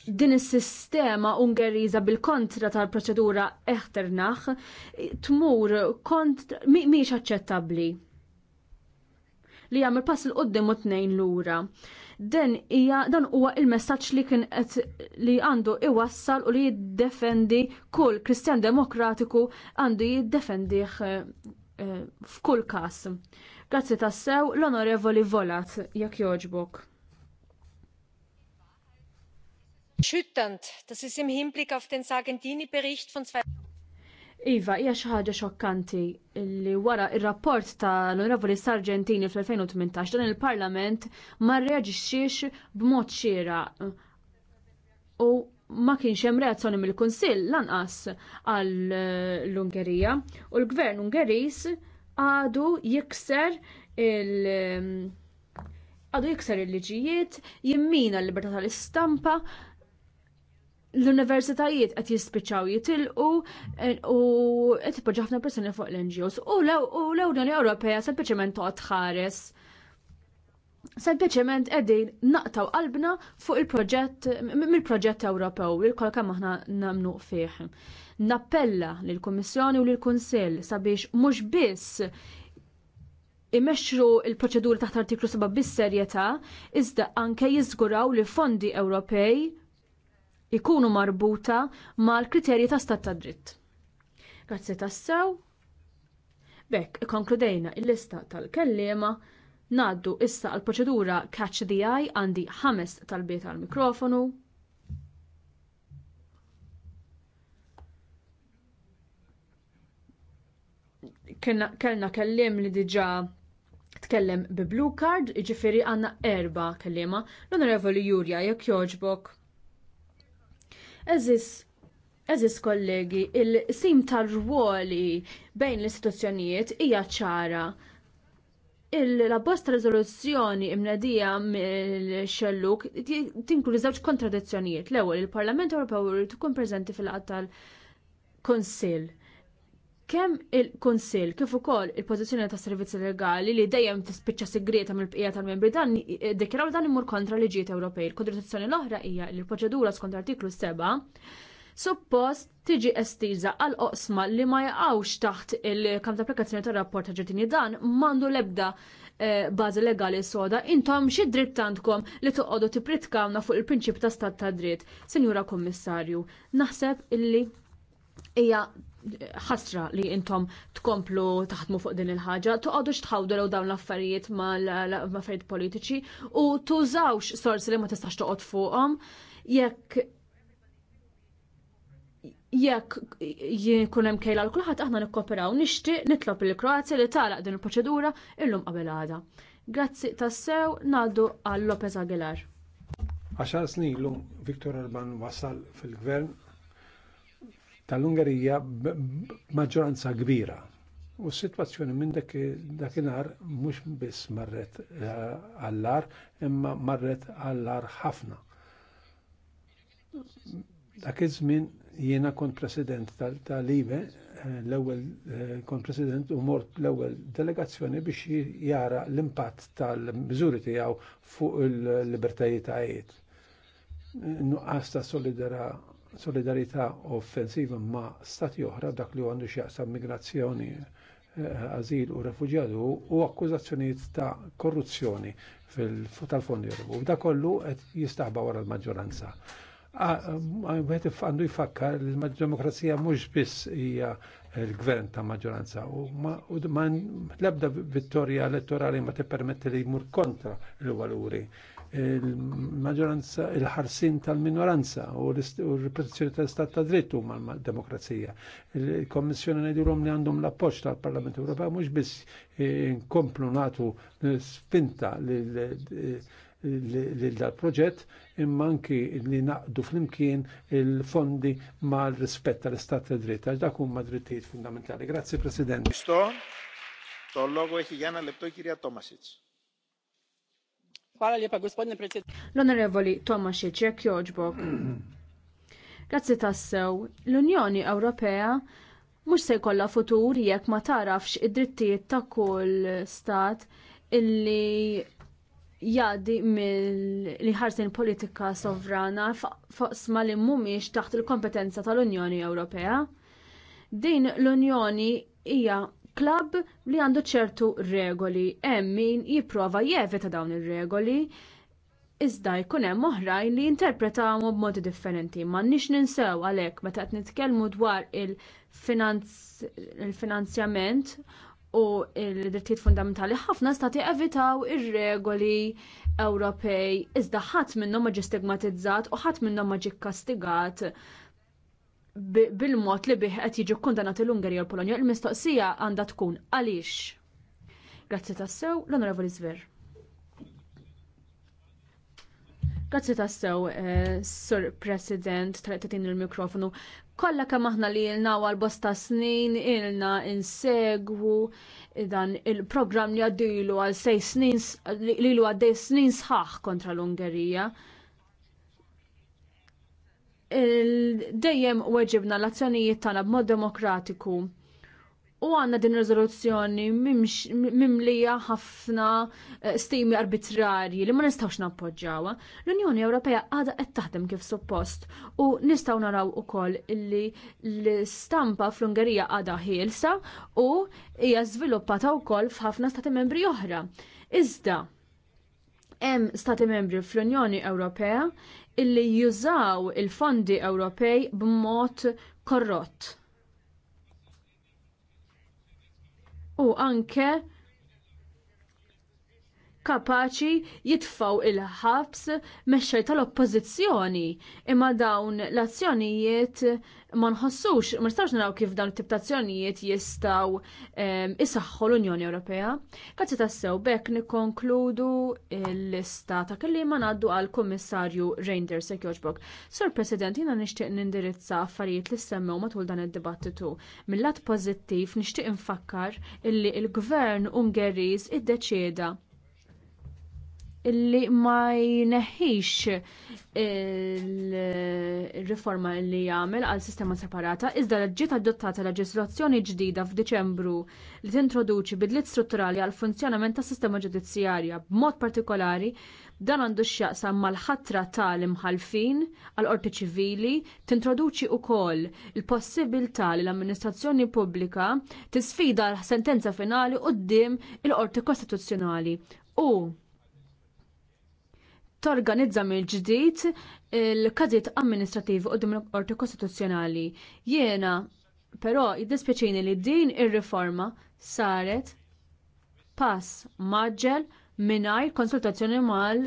din is-sistema Ungeriża bil-kontra tal-proċedura Echternach tmur kont mhix aċċettabbli. Li jagħmel pass il qoddim u tnejn lura. Den hija dan huwa il-messaġġ li kien qed li għandu iwassal u li jiddefendi kull Kristjan Demokratiku għandu jiddefendih eh, eh, f'kull każ. Grazzi tassew l-Onorevoli Volat jekk jogħġbok. Schütternd, das ist im Hinblick auf den Sargentini-Bericht von zwei. Iva, hija xi ħaġa xokkanti li wara ir-rapport tal-Onorevoli Sargentini fl-2018 dan il-Parlament ma rreaġixxiex b'mod xieraq u ma kienx hemm reazzjoni mill-Kunsill lanqas għall ungerija u l-Gvern Ungeris għadu jikser il- għadu jikser il-liġijiet, jimmina l-libertà tal-istampa, l-universitajiet qed jispiċċaw jitilqu eh, u qed tipoġġa ħafna persuni fuq l-NGOs u l-Unjoni Ewropea sempliċement toqgħod tħares. Sempliċement qegħdin naqtaw qalbna fuq il-proġett mill-proġett Ewropew li l kemm aħna nagħmlu fih. Nappella lill-Kummissjoni u lill-Kunsill sabiex mhux biss imexxru il-proċeduri taħt artiklu 7 bis-serjetà, iżda anke jiżguraw li fondi Ewropej ikunu marbuta mal-kriterji ta' stat ta' dritt. Grazzi tassew. Bekk, ikonkludejna il-lista tal-kellima, naddu issa għal proċedura Catch the Eye għandi ħames tal-biet għal mikrofonu. Kellna kellim li diġa tkellem bi blue card, iġifiri għanna erba kellima, l-onorevoli Jurja, jekk joġbok. Eżis Eżis kollegi, il-sim tar-ruoli bejn l-istituzzjonijiet hija ċara. Il-labbosta rezoluzzjoni imnedija mill-xelluk tinklu żewġ kontradizzjonijiet. L-ewwel il-Parlament Ewropew irid ikun preżenti fil-qatt tal-Kunsill kemm il-Kunsill kif ukoll il-pożizzjoni ta' servizzi legali li dejjem tispiċċa segreta mill-bqija tal-membri dan eh, dikjaraw dan imur kontra liġijiet Ewropej. Il-kontradizzjoni l-oħra hija li l-proċedura skont artiklu 7 suppost tiġi estiża għal oqsma li ma jaqgħux taħt il-kamp ta' applikazzjoni tar-rapport ta' ġetini dan mandu l-ebda eh, bażi legali soda, intom xi dritt għandkom li toqgħodu tipritkawna fuq il-prinċip ta' stat ta' dritt. Sinjura Kommissarju, naħseb illi hija ħasra li intom tkomplu taħdmu fuq din il-ħaġa, tħawdu lew dawn l-affarijiet mal-affarijiet politiċi u tużawx sorsi li ma tistax toqgħod fuqhom jekk jekk jkun hemm kejla l kulħadd aħna nikkoperaw nixtieq nitlob il kroazja li tagħlaq din il-proċedura illum qabel għada. Grazzi tassew ngħaddu għal Lopez Aguilar. Għaxar snin lum Viktor Orban wasal fil-gvern tal-Ungerija maġġoranza kbira. U s-sitwazzjoni minn dakinhar mhux biss marret eh, għallar, imma marret għallar ħafna. Dak iż-żmien jiena kont president tal live eh, l-ewwel eh, kont president u mort l-ewwel delegazzjoni biex jara l-impatt tal-miżuri tiegħu fuq il-libertajiet għajiet. Nuqqas ta' solidara solidarità offensiva ma' stati oħra dak li għandu xjaqsam migrazzjoni, eh, azil u refugjadu u akkużazzjonijiet ta' korruzzjoni tal-fondi Europew. Da kollu qed jistaħba wara l-maġġoranza. Għet għandu jfakkar li l-demokrazija mhux biss hija l-gvern ta' maġġoranza u ma' l-ebda vittorja elettorali ma tippermetti li jmur kontra l-valuri il-maġoranza, il-ħarsin tal-minoranza u l repressjoni tal-istat ta' drittu ma' demokrazija. Il-Kommissjoni ngħidulhom li għandhom l-appoġġ tal-Parlament Ewropew mhux biss eh, nkomplu natu spinta eh, lil dal-proġett imma anki li naqdu flimkien il-fondi mal rispett tal-istat ta' dritt għax dak huma drittijiet fundamentali. Grazie President. Tollogu eħi jana l-ebtoj kirja Tomasic. Hvala lijepa gospodine predsjedniče. L-Onorevoli Tomašić, jekk joġbok. Grazzi tassew, l-Unjoni Ewropea mhux se jkollha futur jekk ma tarafx id-drittijiet ta' kull stat illi jaddi mill-ħarsin politika sovrana faqsma li mhumiex taħt il-kompetenza tal-Unjoni Ewropea. Din l-Unjoni hija klabb li għandu ċertu regoli, hemm min jipprova jevita dawn ir-regoli, iżda jkun hemm oħrajn li jinterpretawhom b'modi differenti. M'għandniex ninsew għalhekk meta qed nitkellmu dwar il-finanzjament u l-drittijiet fundamentali ħafna stati evitaw ir-regoli Ewropej iżda ħadd minnhom ma ġie stigmatizzat u ħadd minnhom ma ġie bil-mod li bih qed jiġu kundanat l-Ungerija u l-Polonja, il-mistoqsija għandha tkun għaliex. Grazzi tassew, l-Onorevoli Zver. Grazzi tassew, eh, Sur President, taqtin il-mikrofonu. Kolla kemm aħna li ilna għal bosta snin ilna insegwu dan il-programm li għaddilu għal sej snin li għaddej snin sħaħ kontra l-Ungerija dejjem weġibna l-azzjonijiet tagħna b'mod demokratiku. U għanna din rezoluzzjoni mimlija ħafna eh, stimi arbitrarji li ma nistawx nappoġġaw. L-Unjoni Ewropea għada qed taħdem kif suppost u nistaw naraw ukoll li l istampa fl-Ungerija għada ħielsa u hija żviluppata wkoll f'ħafna stati membri oħra. Iżda, hemm stati membri fl-Unjoni Ewropea illi jużaw il-fondi Ewropej b'mod korrott. U anke kapaċi jitfaw il-ħabs mexxej tal-oppożizzjoni. Imma dawn l-azzjonijiet ma nħossux, ma nistgħux naraw kif dawn it-tip ta' azzjonijiet jistgħu ehm, isaħħu l-Unjoni Ewropea. Kazzi tassew bekk nikkonkludu l-lista ta' kelli ma ngħaddu għal kummissarju Reinders Sekjoġbok. Sur President, jiena nixtieq nindirizza affarijiet li semmew matul dan id-dibattitu. Mill-lat pożittiv nixtieq infakkar illi l-Gvern Ungeriż iddeċieda illi ma jneħħix il-riforma li jagħmel għal sistema separata iżda l ġiet adottata leġislazzjoni ġdida f'Diċembru li tintroduċi bidliet strutturali għal funzjonament tas sistema ġudizzjarja b'mod partikolari dan għandu x'jaqsam mal-ħatra tal-imħalfin għal qorti ċivili tintroduċi wkoll il-possibilità li l-amministrazzjoni pubblika tisfida l sentenza finali quddiem il-qorti kostituzzjonali u torganizza mill ġdid il-każiet amministrativi qudiem l-Qorti Kostituzzjonali. Jiena però jiddispjaċini li din ir-riforma saret pass maġġel mingħajr konsultazzjoni mal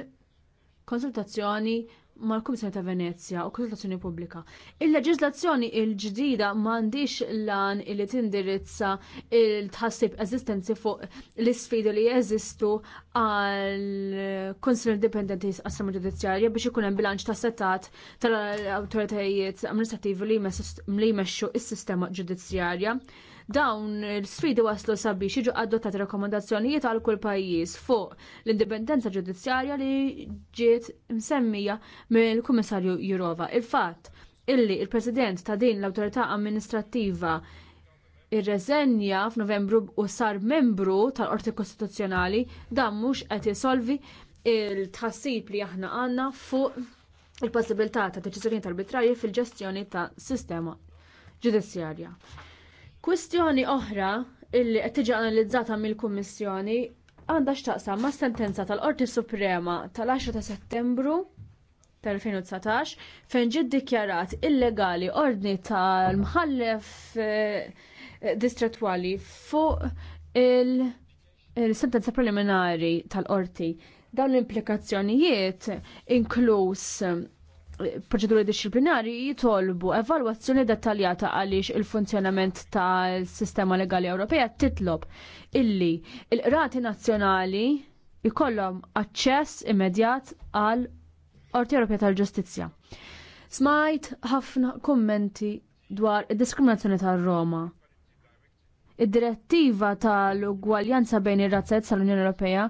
konsultazzjoni mal-Kummissjoni ta' Venezja u konsultazzjoni pubblika. Il-leġislazzjoni il-ġdida m'għandix lan li tindirizza il-tħassib eżistenzi fuq l-isfidi li jeżistu għal konsil indipendenti għas-sama ġudizzjarja biex ikun hemm bilanċ ta' setat tal-awtoritajiet amministrativi li jmexxu is-sistema ġudizzjarja. Dawn l-sfidi waslu sabiex jiġu adottat rekomendazzjonijiet għal kull pajjiż fuq l-indipendenza ġudizzjarja li ġiet msemmija mill-Kummissarju Jurova. Il-fatt illi il-President ta' din l-Awtorità Amministrattiva ir-reżenja f'Novembru u sar membru tal-Qorti Kostituzzjonali dan mhux qed isolvi il-tħassib li aħna għandna fuq il-possibilità ta' deċiżjonijiet arbitrarji fil-ġestjoni ta' sistema ġudizzjarja. Kwistjoni oħra illi qed tiġi analizzata mill-Kummissjoni għandha x'taqsam mas sentenza tal-Qorti Suprema tal-10 ta' Settembru tal-2019 fejn ġiet dikjarat illegali ordni tal-mħallef eh, distretwali fuq il-sentenza preliminari tal-qorti. Dawn l-implikazzjonijiet inkluż proċeduri disciplinari jitolbu evalwazzjoni dettaljata għaliex il-funzjonament tal-sistema legali Ewropea titlob illi il-qrati nazzjonali jkollhom aċċess immedjat għal Qorti Ewropea tal-Ġustizzja. Smajt ħafna kummenti dwar id-diskriminazzjoni tar-Roma. Id-direttiva tal-ugwaljanza bejn ir-razzet tal-Unjoni Ewropea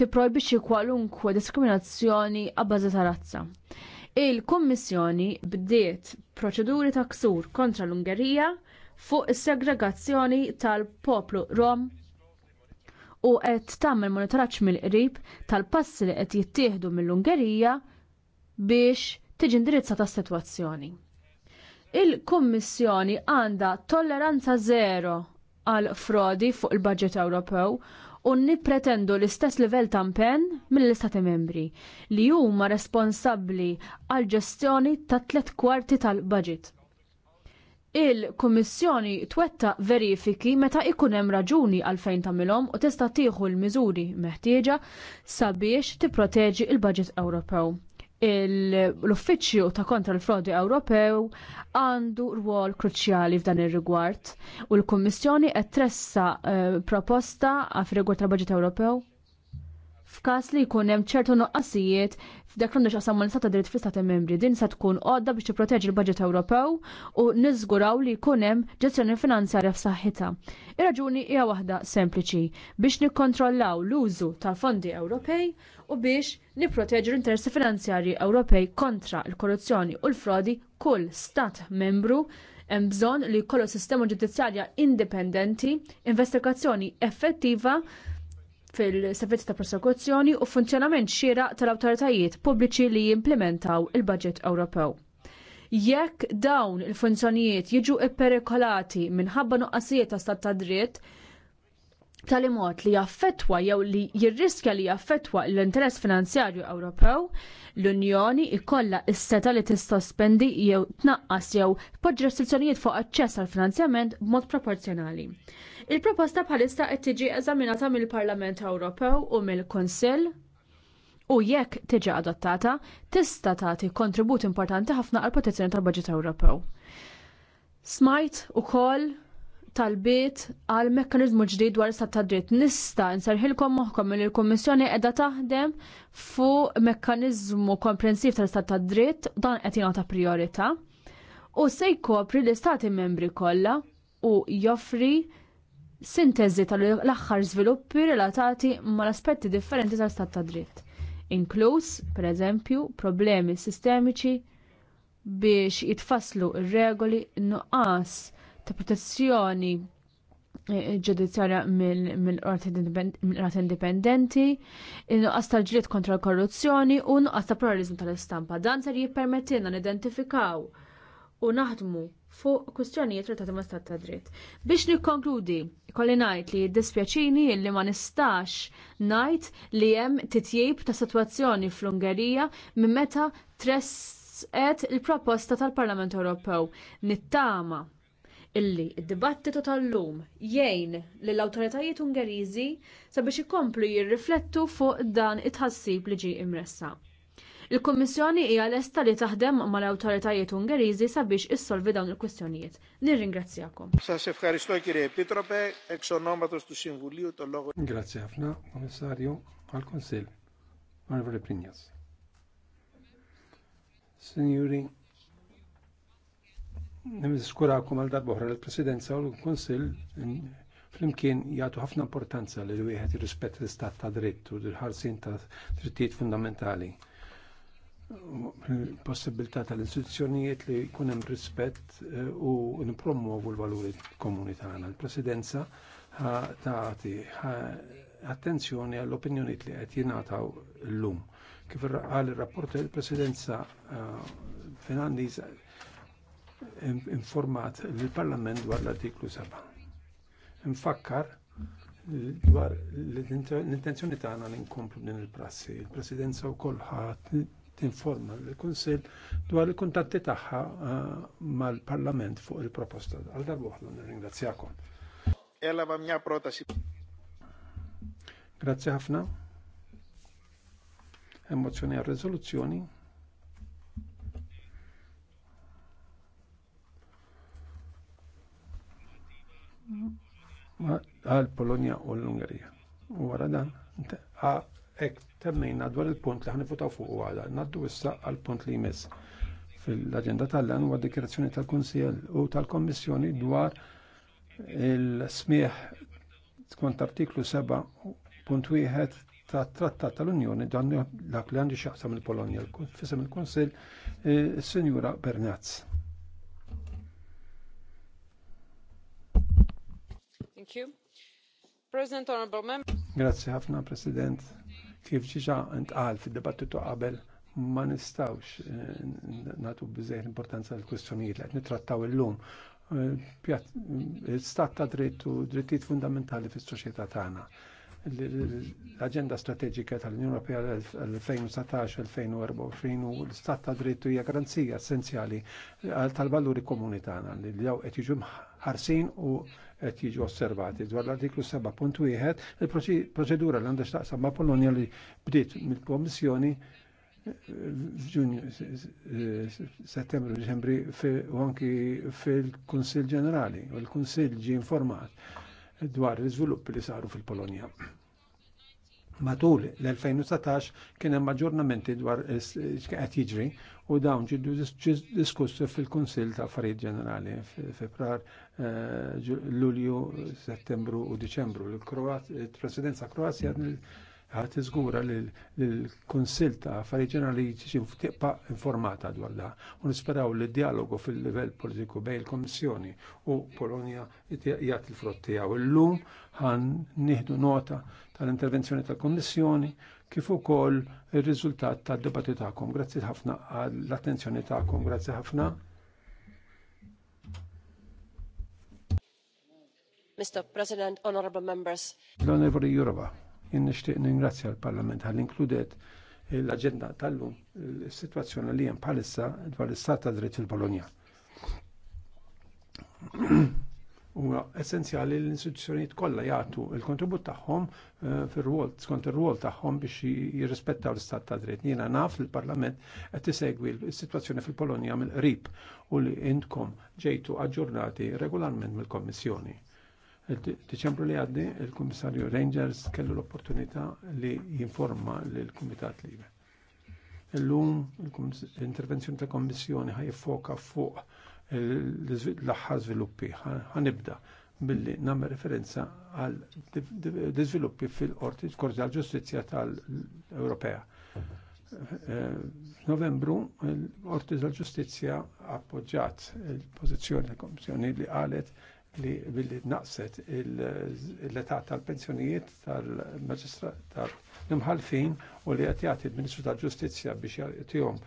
tipprojbixxi kwalunkwe diskriminazzjoni għabbażi ta' razza. Il-Kummissjoni bdiet proċeduri ta' ksur kontra l-Ungerija fuq is-segregazzjoni tal-poplu Rom u qed tagħmel monitoraġġ mill-qrib tal-passi li qed jittieħdu mill-Ungerija biex tiġi indirizzata s-sitwazzjoni. Il-Kummissjoni għandha tolleranza żero għal frodi fuq il-budget Ewropew u nippretendu l-istess livell ta' impenn mill-istati membri li huma responsabbli għal ġestjoni ta' tliet kwarti tal-budget. Il-Kummissjoni twetta verifiki meta ikun hemm raġuni għalfejn tagħmilhom u tista' tieħu l-miżuri meħtieġa sabiex tipproteġi l budget Ewropew l-Uffiċċju ta' kontra l-Frodi Ewropew għandu rwol kruċjali f'dan ir-rigward u l-Kummissjoni qed tressa eh, proposta għal rigward tal-Baġit Ewropew f'każ li jkun hemm ċertu noqqasijiet f'dak l xasam ma nistata dritt fl istat membri. Din sa tkun għodda biex tipproteġi l-budget Ewropew u niżguraw li jkun hemm ġestjoni finanzjarja f'saħħitha. Ir-raġuni hija waħda sempliċi biex nikkontrollaw l-użu tal-fondi Ewropej u biex nipproteġu l-interessi finanzjarji Ewropej kontra l-korruzzjoni u l-frodi kull stat membru hemm bżonn li kollu sistema ġudizzjarja indipendenti, investigazzjoni effettiva fil-servizzi ta' prosekuzzjoni u funzjonament xira tal-awtoritajiet pubbliċi li jimplementaw il-budget Ewropew. Jekk dawn il-funzjonijiet jiġu ipperikolati minħabba nuqqasijiet ta' stat ta' dritt, tal mod li jaffetwa jew li jirriskja li jaffetwa l-interess finanzjarju Ewropew, l-Unjoni jkollha s-seta li tissospendi jew tnaqqas jew poġġi restrizzjonijiet fuq aċċess għal finanzjament b'mod proporzjonali. Il-proposta bħalista qed tiġi eżaminata mill-Parlament Ewropew u mill-Kunsill u jekk tiġi adottata tista' tagħti kontribut importanti ħafna għal protezzjoni tal-Baġit Ewropew. Smajt ukoll tal-bit għal mekkanizmu ġdid dwar sa tad-dritt nista' nserħilkom moħħkom li l-Kummissjoni qiegħda taħdem fuq mekkaniżmu komprensiv tal-istat tad-dritt dan qed ta' priorità u se jkopri l-istati membri kollha u joffri sintezi tal-aħħar żviluppi relatati mal-aspetti differenti tal-stat ta' dritt, inkluż, pereżempju, problemi sistemiċi biex jitfasslu r regoli nuqqas ta' protezzjoni eh, ġudizzjarja mill-qrat indipendenti, nuqqas tal-ġlied kontra l-korruzzjoni u nuqqas ta' pluralizmu tal-istampa. Dan ser jippermettilna nidentifikaw u naħdmu fuq kwistjonijiet ta' ma' stat ta' dritt. Biex nikkonkludi, kolli ngħid li dispjaċini li ma nistax ngħid li hemm titjib ta' sitwazzjoni fl-Ungerija minn meta tresqet il-proposta tal-Parlament Ewropew. Nittama illi id-dibattitu tal-lum jgħin lill awtoritajiet Ungeriżi sabiex ikomplu jirriflettu fuq dan it-ħassib li ġie imressa. Il-Kummissjoni hija lesta li taħdem mal-awtoritajiet Ungeriżi sabiex issolvi dawn il-kwistjonijiet. Nirringrazzjakom. Grazzi kire tu tal-logo. Grazie ħafna, Komissarju, għal-Konsil. Onorevole Prinjas. Signori, nimiskurakom għal darbohra l-Presidenza u l-Konsil flimkien jagħtu ħafna importanza li wieħed jirrispetta l-istat ta' dritt u l-ħarsin ta' drittijiet fundamentali possibilità tal-istituzzjonijiet li jkun hemm rispett eh, u nippromovu l-valuri komuni tagħna. Il-Presidenza tagħti attenzjoni għall-opinjonijiet li qed jingħataw llum. Kif qal ir-rapport il-Presidenza eh, Finlandiża informat l-Parlament dwar l-artiklu 7. Infakkar dwar l-intenzjoni tagħna li nkomplu din il-prassi. Il-Presidenza wkoll ħadd tinforma l-Kunsill dwar il-kuntatti tagħha eh, mal-Parlament fuq il-proposta. Għal darbohla nirringrazzjakom. Ella ma mia protasi. Grazie ħafna. Emozjoni għal rezoluzzjoni. Għal Polonia u l-Ungerija. U għara dan, Ek, temmejna dwar il-punt li ħanifutaw fuq għala, Naddu issa għal-punt li jmiss fil-agenda tal-lan huwa dikjerazzjoni tal-Kunsill u tal-Kommissjoni dwar il-smieħ skont artiklu 7.1 ta' trattat tal-Unjoni dan dak li għandi xaqsam il-Polonja fisem il-Kunsill eh, Sinjura Bernazz. Thank you. President Honorable Grazie ħafna President, Kif ġiġa ntqal fid-dibattitu qabel ma nistawx eh, natu biżejjed importanza l-kwistjonijiet li qed nittrattaw illum. Eh, Stat ta' drittu drittijiet fundamentali fis-soċjetà tagħna l-agenda strateġika tal-Unjoni Ewropea l-2019-2024 u l-istat ta' drittu hija garanzija essenzjali tal-valuri komuni tagħna li jew qed jiġu ħarsin u qed jiġu osservati. Dwar l-artiklu 7.1 il-proċedura l għandha x'taqsam ma' Polonja li bdiet mill-Kommissjoni f'Ġunju, Settembru, Deċembri u anki fil-Kunsill Ġenerali u l-Kunsill ġie informat dwar l-iżviluppi li saru fil-Polonja. Matul l 2017 kien hemm aġġornamenti dwar qed jiġri u dawn ġiddu diskussi fil-Kunsill ta' Affarijiet Ġenerali f'Febrar eh, Lulju, Settembru u Diċembru. Il-Presidenza Kroazja ħat iżgura li l-Kunsill ta' Affarijiet Ġenerali jiġi tibqa' informata dwar da. U nisperaw li d-dialogu fil-livell politiku bejn il-Kommissjoni u jgħat il frotti għaw. tiegħu. Illum ħan nieħdu nota tal-intervenzjoni tal komissjoni kif ukoll il riżultat tad-dibattit tagħkom. Grazzi ħafna għall-attenzjoni tagħkom, grazzi ħafna. Mr. President, honorable members. l Jurova. Jien nixtieq ningrazzja l-Parlament għal inkludet l-aġenda tal-lum is-sitwazzjoni li hemm bħalissa dwar l-istat ta' dritt fil-Polonja. Huwa essenzjali li l-istituzzjonijiet kollha jagħtu il-kontribut tagħhom eh, fir-rwol skont ir-rwol tagħhom biex jirrispettaw l-istat ta' dritt. Jiena naf l-Parlament qed tisegwi l-sitwazzjoni fil-Polonja mill-qrib u li intkom ġejtu aġġurnati regolarment mill-Kommissjoni Deċembru li għaddi il-Kummissarju Rangers kellu l-opportunità li jinforma l-Kumitat Libe. Illum l-intervenzjoni ta' Kommissjoni ħaj foka fuq l-aħħar sviluppi. Ħanibda billi namme referenza għal l-sviluppi fil-qorti korti tal-ġustizja tal-Ewropea. Eh, Novembru l-Qorti tal-Ġustizzja appoġġat il-pożizzjoni tal-Kommissjoni li qalet li billi naqset l-età tal-pensjonijiet tal-imħalfin u li qed jagħti l-Ministru tal-Ġustizzja biex jagħtihom eh,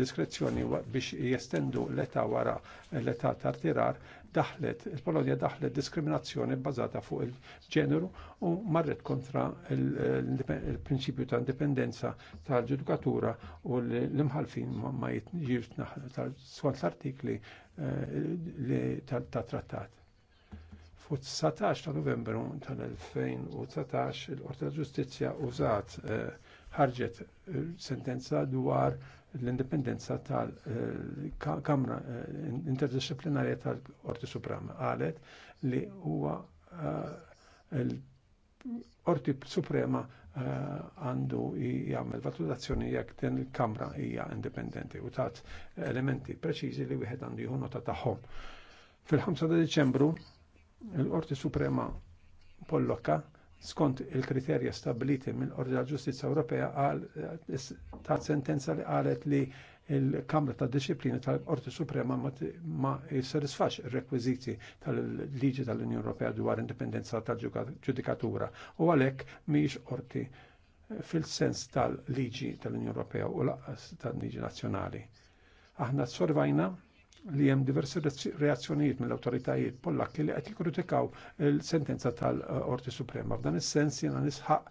diskrezzjoni biex jestendu l-età wara l-età tar-tirar daħlet, il-Polonja daħlet diskriminazzjoni bbażata fuq il-ġeneru u marret kontra il-prinċipju ta' indipendenza tal-ġudikatura u l-imħalfin ma jitġiġ tal-artikli eh, ta' trattat. Fu 19 ta' novembru tal-2019 il-Qorti ta' Ġustizzja użat eh, ħarġet eh, sentenza dwar l-indipendenza tal-Kamra eh, Interdisciplinarja tal-Qorti Suprema. Qalet li huwa l-Qorti Suprema għandu jgħamil valutazzjoni jekk din il-Kamra hija indipendenti u tat elementi preċiżi li wieħed għandu jieħu nota tagħhom. Fil-5 ta' Deċembru Il-Qorti Suprema Pollokka skont il-kriterja stabiliti mill-Qorti tal-Ġustizza Ewropea għal ta' sentenza li qalet li il-Kamra ta' Disciplina tal-Qorti Suprema ma jissodisfax ir-rekwiżiti tal-liġi tal-Unjoni Ewropea dwar indipendenza tal-ġudikatura u għalhekk mhijiex qorti fil-sens tal-liġi tal-Unjoni Ewropea u laqqas tal-liġi nazzjonali. Aħna sorvajna li hemm diversi reazzjonijiet mill-awtoritajiet pollakki li qed jikkritikaw il-sentenza tal-Qorti Suprema. F'dan is-sens jiena nisħaq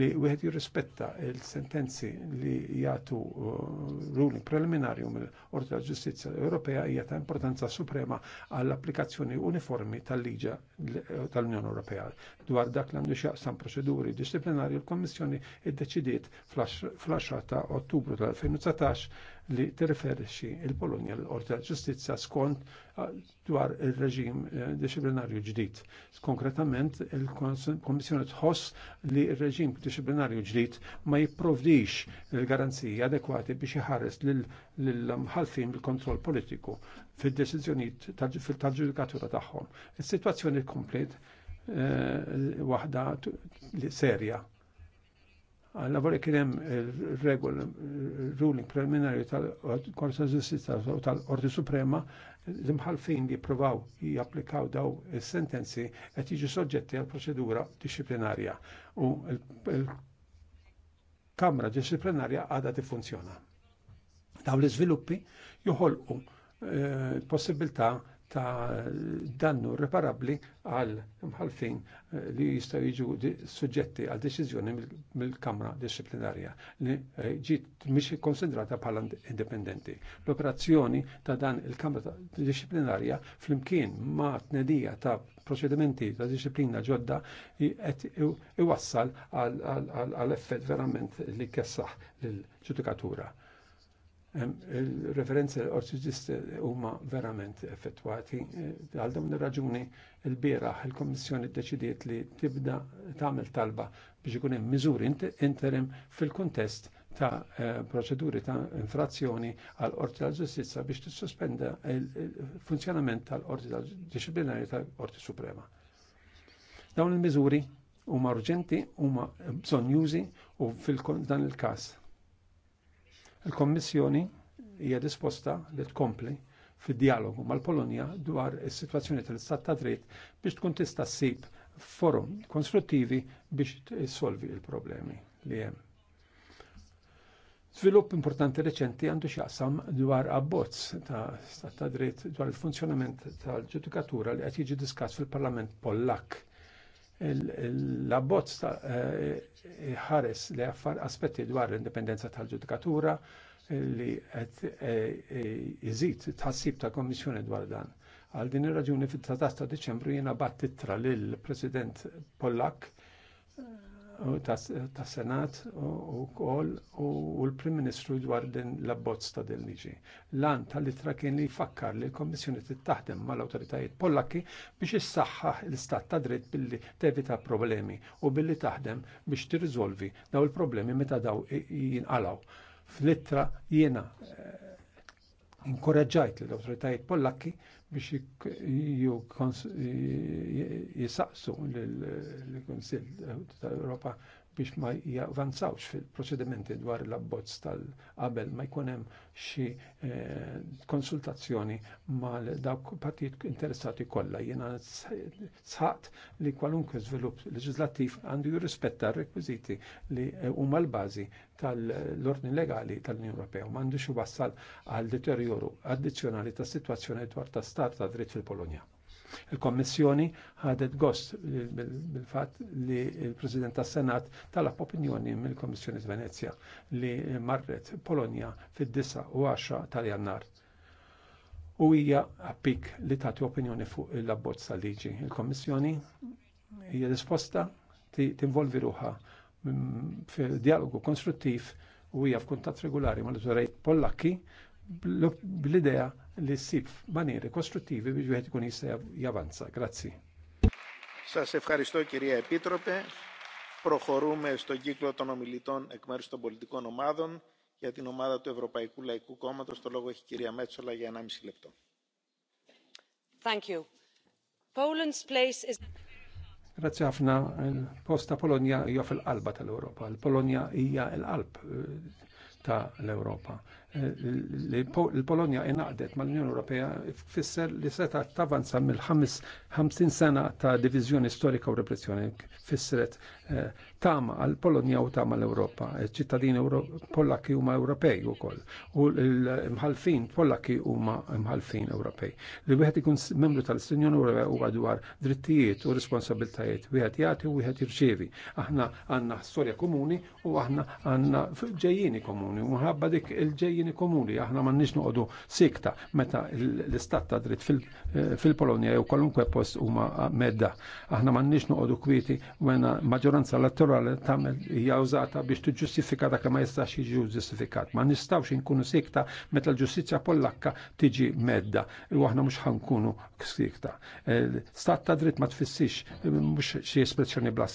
li wieħed jirrispetta il-sentenzi li jagħtu uh, ruling preliminarju mill-Qorti tal-Ġustizzja Ewropea hija ta' importanza suprema għall-applikazzjoni uniformi tal-liġa uh, tal-Unjoni Ewropea. Dwar dak li għandu x'jaqsam proċeduri disciplinari l-Kommissjoni iddeċidiet fl-10 ta' Ottubru tal-2019 li tirreferixxi il-Polonja l orta Ġustizja skont dwar ir-reġim eh, disciplinarju ġdid. Konkretament, il komissjoni tħoss li r-reġim disciplinarju ġdid ma jipprovdix il garanzija adekwati biex jħares l mħalfin bil-kontroll politiku fid-deċiżjonijiet tal-ġudikatura tagħhom. Is-sitwazzjoni komplet eh, waħda serja Għanna voli kienem regol ruling preliminari tal-Korsa u tal-Ordi Suprema l li provaw japplikaw daw sentenzi qed iġi soġġetti għal proċedura disciplinarja u l-Kamra Disciplinarja għadha funzjona. Daw l-iżviluppi joħolqu eh, possibilità ta' dannu reparabli għal mħalfin eh, li jistaw jiġu suġġetti għal deċiżjoni mill-Kamra Disciplinarja li eh, ġiet mhix konsidrata bħala indipendenti. L-operazzjoni ta' dan il-Kamra Disciplinarja flimkien ma' tnedija ta' proċedimenti ta' disciplina ġodda qed iwassal għal effett verament li kessaħ lill-ġudikatura il-referenzi l-orċiġisti huma verament effettwati. Eh, għal dawn ir-raġuni il-bieraħ il-Kommissjoni ddeċidiet li tibda tagħmel talba biex ikun hemm miżuri interim fil-kuntest ta' eh, proċeduri ta' infrazzjoni għal orti tal ġustizza biex tissospenda il-funzjonament tal-orti tal-disciplinari tal-orti suprema. Dawn il-miżuri huma urġenti, huma bżonjużi u fil-dan il-każ Il-Kommissjoni hija disposta li tkompli fid-dialogu mal-Polonja dwar is-sitwazzjoni tal-Istat ta' dritt biex tkun tista' ssib forum konstruttivi biex isolvi il-problemi li hemm. Svilupp importanti reċenti għandu xaqsam dwar abbozz ta' stat ta' dritt dwar il-funzjonament tal-ġudikatura li qed jiġi diskass fil-Parlament Pollak l-abbozz eh, ħares li għaffar aspetti dwar l-indipendenza tal-ġudikatura li qed eh, eh, iżid tħassib ta' kommissjoni dwar dan. Għal din ir-raġuni fit-13 ta' Deċembru jiena bat titra lill-President Pollak tas senat u kol u l-Prim Ministru dwar din l-abbozz ta' din liġi. Lan tal-litra kien li jfakkar li l-Kommissjoni tittaħdem mal awtoritajiet Pollakki biex issaħħaħ l-istat ta' dritt billi tevita problemi u billi taħdem biex tirriżolvi daw il-problemi meta daw jinqalaw. Fl-ittra jiena eh, inkoraġġajt l-autoritajiet Pollakki biex jisaqsu l-Konsil tal-Europa biex ma javanzawx fil-proċedimenti dwar l-abbozz tal-qabel ma jkun hemm xi eh, konsultazzjoni mal dawk partit interessati kollha. Jiena sħaqt li kwalunkwe żvilupp leġislattiv għandu jirrispetta r-rekwiżiti li huma l-bażi tal-ordni legali tal-Unjoni Ewropea u m'għandux iwassal għal deterjoru addizzjonali tas-sitwazzjoni dwar tas stat ta' dritt fil-Polonja. Il-Kommissjoni ħadet gost bil-fatt li il-President tas-Senat talab opinjoni mill-Kommissjoni Venezia li marret Polonja fid-9 u 10 tal-Jannar u hija appik li tagħti opinjoni fuq l-abbozz liġi Il-Kommissjoni hija disposta tinvolvi ruħha fil-dialogu konstruttiv u hija f'kuntatt regolari mal-autorajt Pollakki bl-idea li s-sib maniri kostruttivi biex wieħed kun jista' javanza. Grazzi. Σας ευχαριστώ κυρία Επίτροπε. Προχωρούμε στον κύκλο των ομιλητών εκ μέρους των πολιτικών ομάδων. Για την ομάδα του Ευρωπαϊκού Λαϊκού Κόμματος το λόγο έχει η κυρία Μέτσολα για 1,5 λεπτό. Thank you. Poland's place is... Grazzi ħafna, il-post ta' fil-qalba tal-Ewropa. Il-Polonja hija l-qalb eh, ta' l-Ewropa. Eh, l-Polonja inaqdet mal-Unjoni Ewropea fisser li seta tavanza mill-50 sena ta' diviżjoni storika u repressjoni fisseret eh, tama għal Polonja u tama l-Ewropa. ċittadini u huma Ewropej ukoll u l-mħalfin u huma mħalfin Ewropej. Li wieħed ikun membru tal-Unjoni Ewropea huwa dwar drittijiet u responsabiltajiet, wieħed jagħti u wieħed jirċievi. Aħna għandna storja komuni u aħna għandna ġejjini komuni u ħabba dik il-ġejjini ġejjini komuni, aħna ma nix noqogħdu sikta meta l-istat ta' dritt eh, fil-Polonja jew kwalunkwe post huma medda. Aħna ma nix noqogħdu kwieti wena maġġoranza elettorali tagħmel hija użata biex tiġġustifika dak ma jistax jiġi ġustifikat. Ma nistgħux inkunu sikta meta l-ġustizzja pollakka tiġi medda u aħna mhux ħankunu sikta. Eh, stat ta' dritt ma tfissix eh, mhux xi espressjoni bla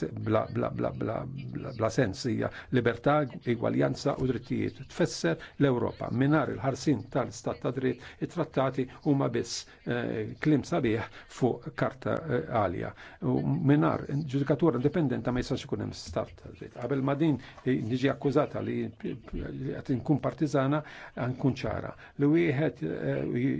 bla bla sensija. libertà, egwaljanza u drittijiet. Tfesser l-Ewropa ewropa Minar il-ħarsin tal-Stat ta' dritt, it-trattati huma biss eh, klim sabiħ fuq karta eh, għalja. Minar ġudikatura indipendenta ma jistax ikun hemm Stat ta' dritt. Qabel ma din eh, niġi akkużata li qed inkun partizana nkun ċara. Li wieħed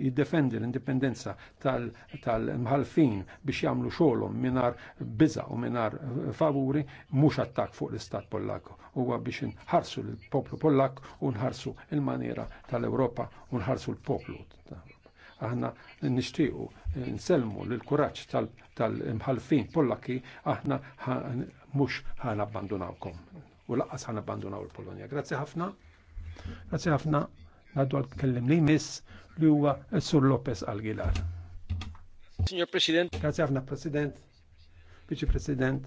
jiddefendi l-indipendenza tal-mħalfin biex jagħmlu xogħolhom minar biża u minar favuri mhux attakk fuq l-Istat Pollak. Huwa biex inħarsu l-poplu Pollak u nħarsu il-mani maniera tal europa u nħarsu l-poplu. Aħna nixtiequ nselmu l kuraċ tal-imħalfin Pollaki aħna mux ħan abbandunawkom u laqqas ħan abbandunaw l-Polonia. Grazie ħafna. Grazie ħafna Naddu għal-kellim li miss li huwa Sur Lopez Al-Gilar. Signor President. Grazie ħafna President, Vice President,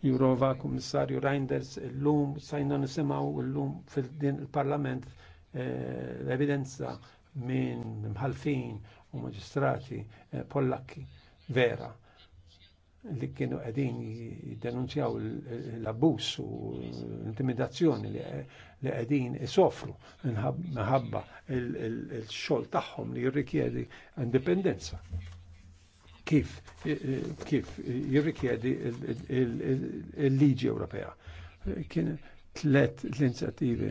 Jurova, Kummissarju Reinders, l-lum sajna nisimaw l-lum fil-din il-Parlament Eh, l-evidenza minn mħalfin u maġistrati eh, pollakki vera li kienu għedin jiddenunzjaw l-abbus u l-intimidazzjoni li għedin isofru minħabba il-xol tagħhom li jirrikjedi indipendenza. Kif, eh, kif jirrikjedi il-liġi Ewropea. Kien tlet l-inizjattivi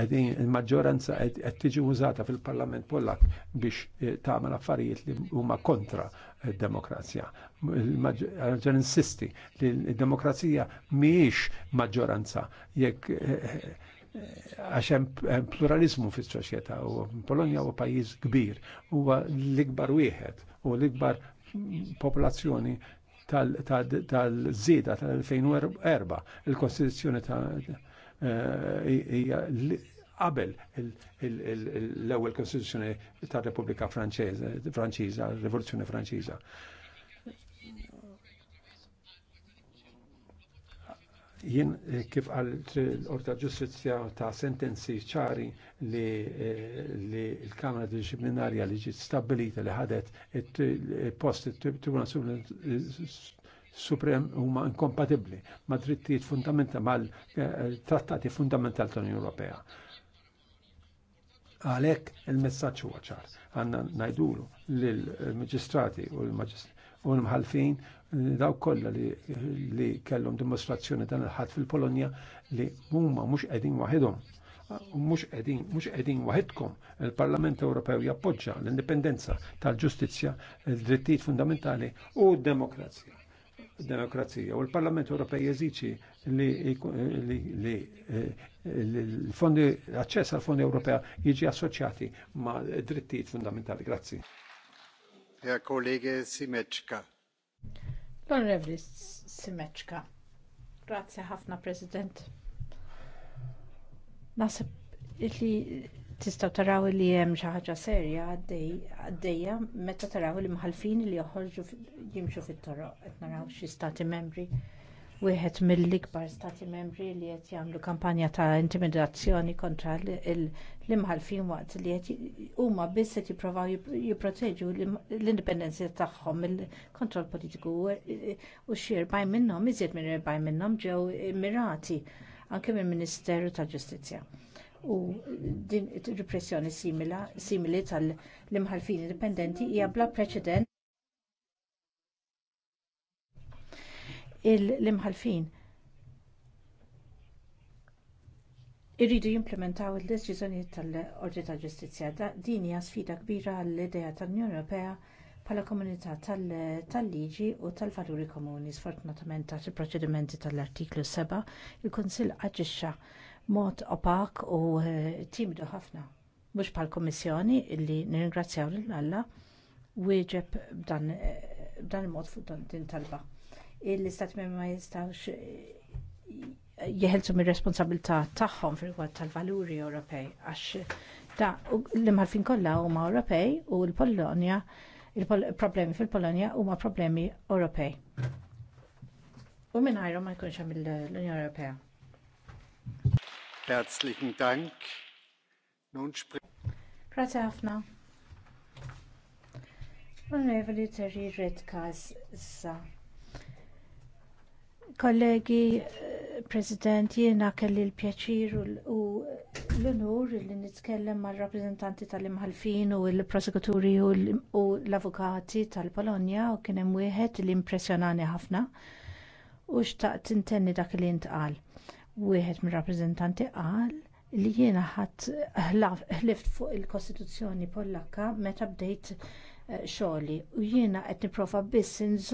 għedin il-maġġoranza qed tiġi użata fil-Parlament Pollak biex eh, tagħmel affarijiet li huma kontra d-demokrazija. Għalġan insisti li d-demokrazija miex maġġoranza jekk eh, għax hemm pluralizmu fis-soċjetà u Polonja huwa pajjiż kbir, huwa l-ikbar wieħed u l-ikbar popolazzjoni tal-żieda tal-2004, il-Kostituzzjoni tal qabel l-ewwel Kostituzzjoni tar-Repubblika Franċiża, Rivoluzzjoni Franċiża. jien kif għal l-Orta Ġustizzja ta' sentenzi ċari li l-Kamra Disciplinarja li ġiet stabilita li ħadet il-post il-Tribunal suprem huma inkompatibbli ma' drittijiet fundamentali mal-trattati fundamentali tal-Unjoni Ewropea. Għalhekk il-messaġġ huwa ċar. Għandna ngħidulu lill-maġistrati u l-mħalfin daw kollha li kellhom dimostrazzjoni dan il-ħadd fil-Polonja li huma mhux qegħdin waħedhom mux edin, mux edin wahidkom il-Parlament Ewropew jappoġġa l-indipendenza tal-ġustizja, il-drittijiet fundamentali u d-demokrazija demokrazija. U l-Parlament Ewropej jeżiċi li eh, l-fondi, l-access għal fondi Ewropea jiġi assoċjati ma' drittijiet fundamentali. Grazzi. Ja kollegi Simeċka. L-Onorevli Simeċka. Grazzi ħafna, President. Nasib li Tistgħu taraw li hemm xi ħaġa serja għaddejja meta taraw li mħalfin li joħorġu jimxu fit-toroq qed naraw xi stati membri wieħed mill-ikbar stati membri li qed jagħmlu kampanja ta' intimidazzjoni kontra l-imħalfin waqt li huma biss qed jippruvaw jipproteġu l-indipendenza tagħhom mill-kontroll politiku u xi erbgħin minnhom iżjed minn erbgħin minnhom ġew mirati anke mill-Ministeru tal Ġustizzja u din repressjoni simili tal-imħalfin indipendenti hija bla preċedent l-imħalfin irridu jimplementaw il-deċiżjonijiet tal-Qorti tal-Ġustizzja. Din hija sfida kbira għall-idea tal-Unjoni Ewropea bħala komunità tal-liġi u tal-valuri komuni. Sfortunatament taħt il-proċedimenti tal-artiklu 7, il-Kunsill aġixxa mod opak u eh, timdu ħafna. Mhux pal kommissjoni illi nirringrazzjaw lil alla wieġeb eh, b'dan il-mod fuq din talba. Il-istat membri ma jistawx eh, jeħelsu mir-responsabilità tagħhom fil-rigward tal-valuri Ewropej għax da l-imħalfin kollha huma Ewropej u l-Polonja il-problemi fil-Polonja huma problemi Ewropej. U minn ma jkunx hemm l-Unjoni Ewropea. Herzlichen Dank. Nun Grazie ħafna. Onorevoli Terri Redkas issa. Kollegi, eh, President, jiena kelli l-pjaċir u l-unur li nitkellem mal rappreżentanti tal-imħalfin u l-prosekuturi u l-avukati tal-Polonja u kien hemm wieħed li impressjonani ħafna u xtaqt intenni dak li ntqal. Wieħed mir-rappreżentanti qal li jiena ħadd ħlift fuq il-Kostituzzjoni Pollakka meta bdejt eh, xogħli u jiena qed nipprova biss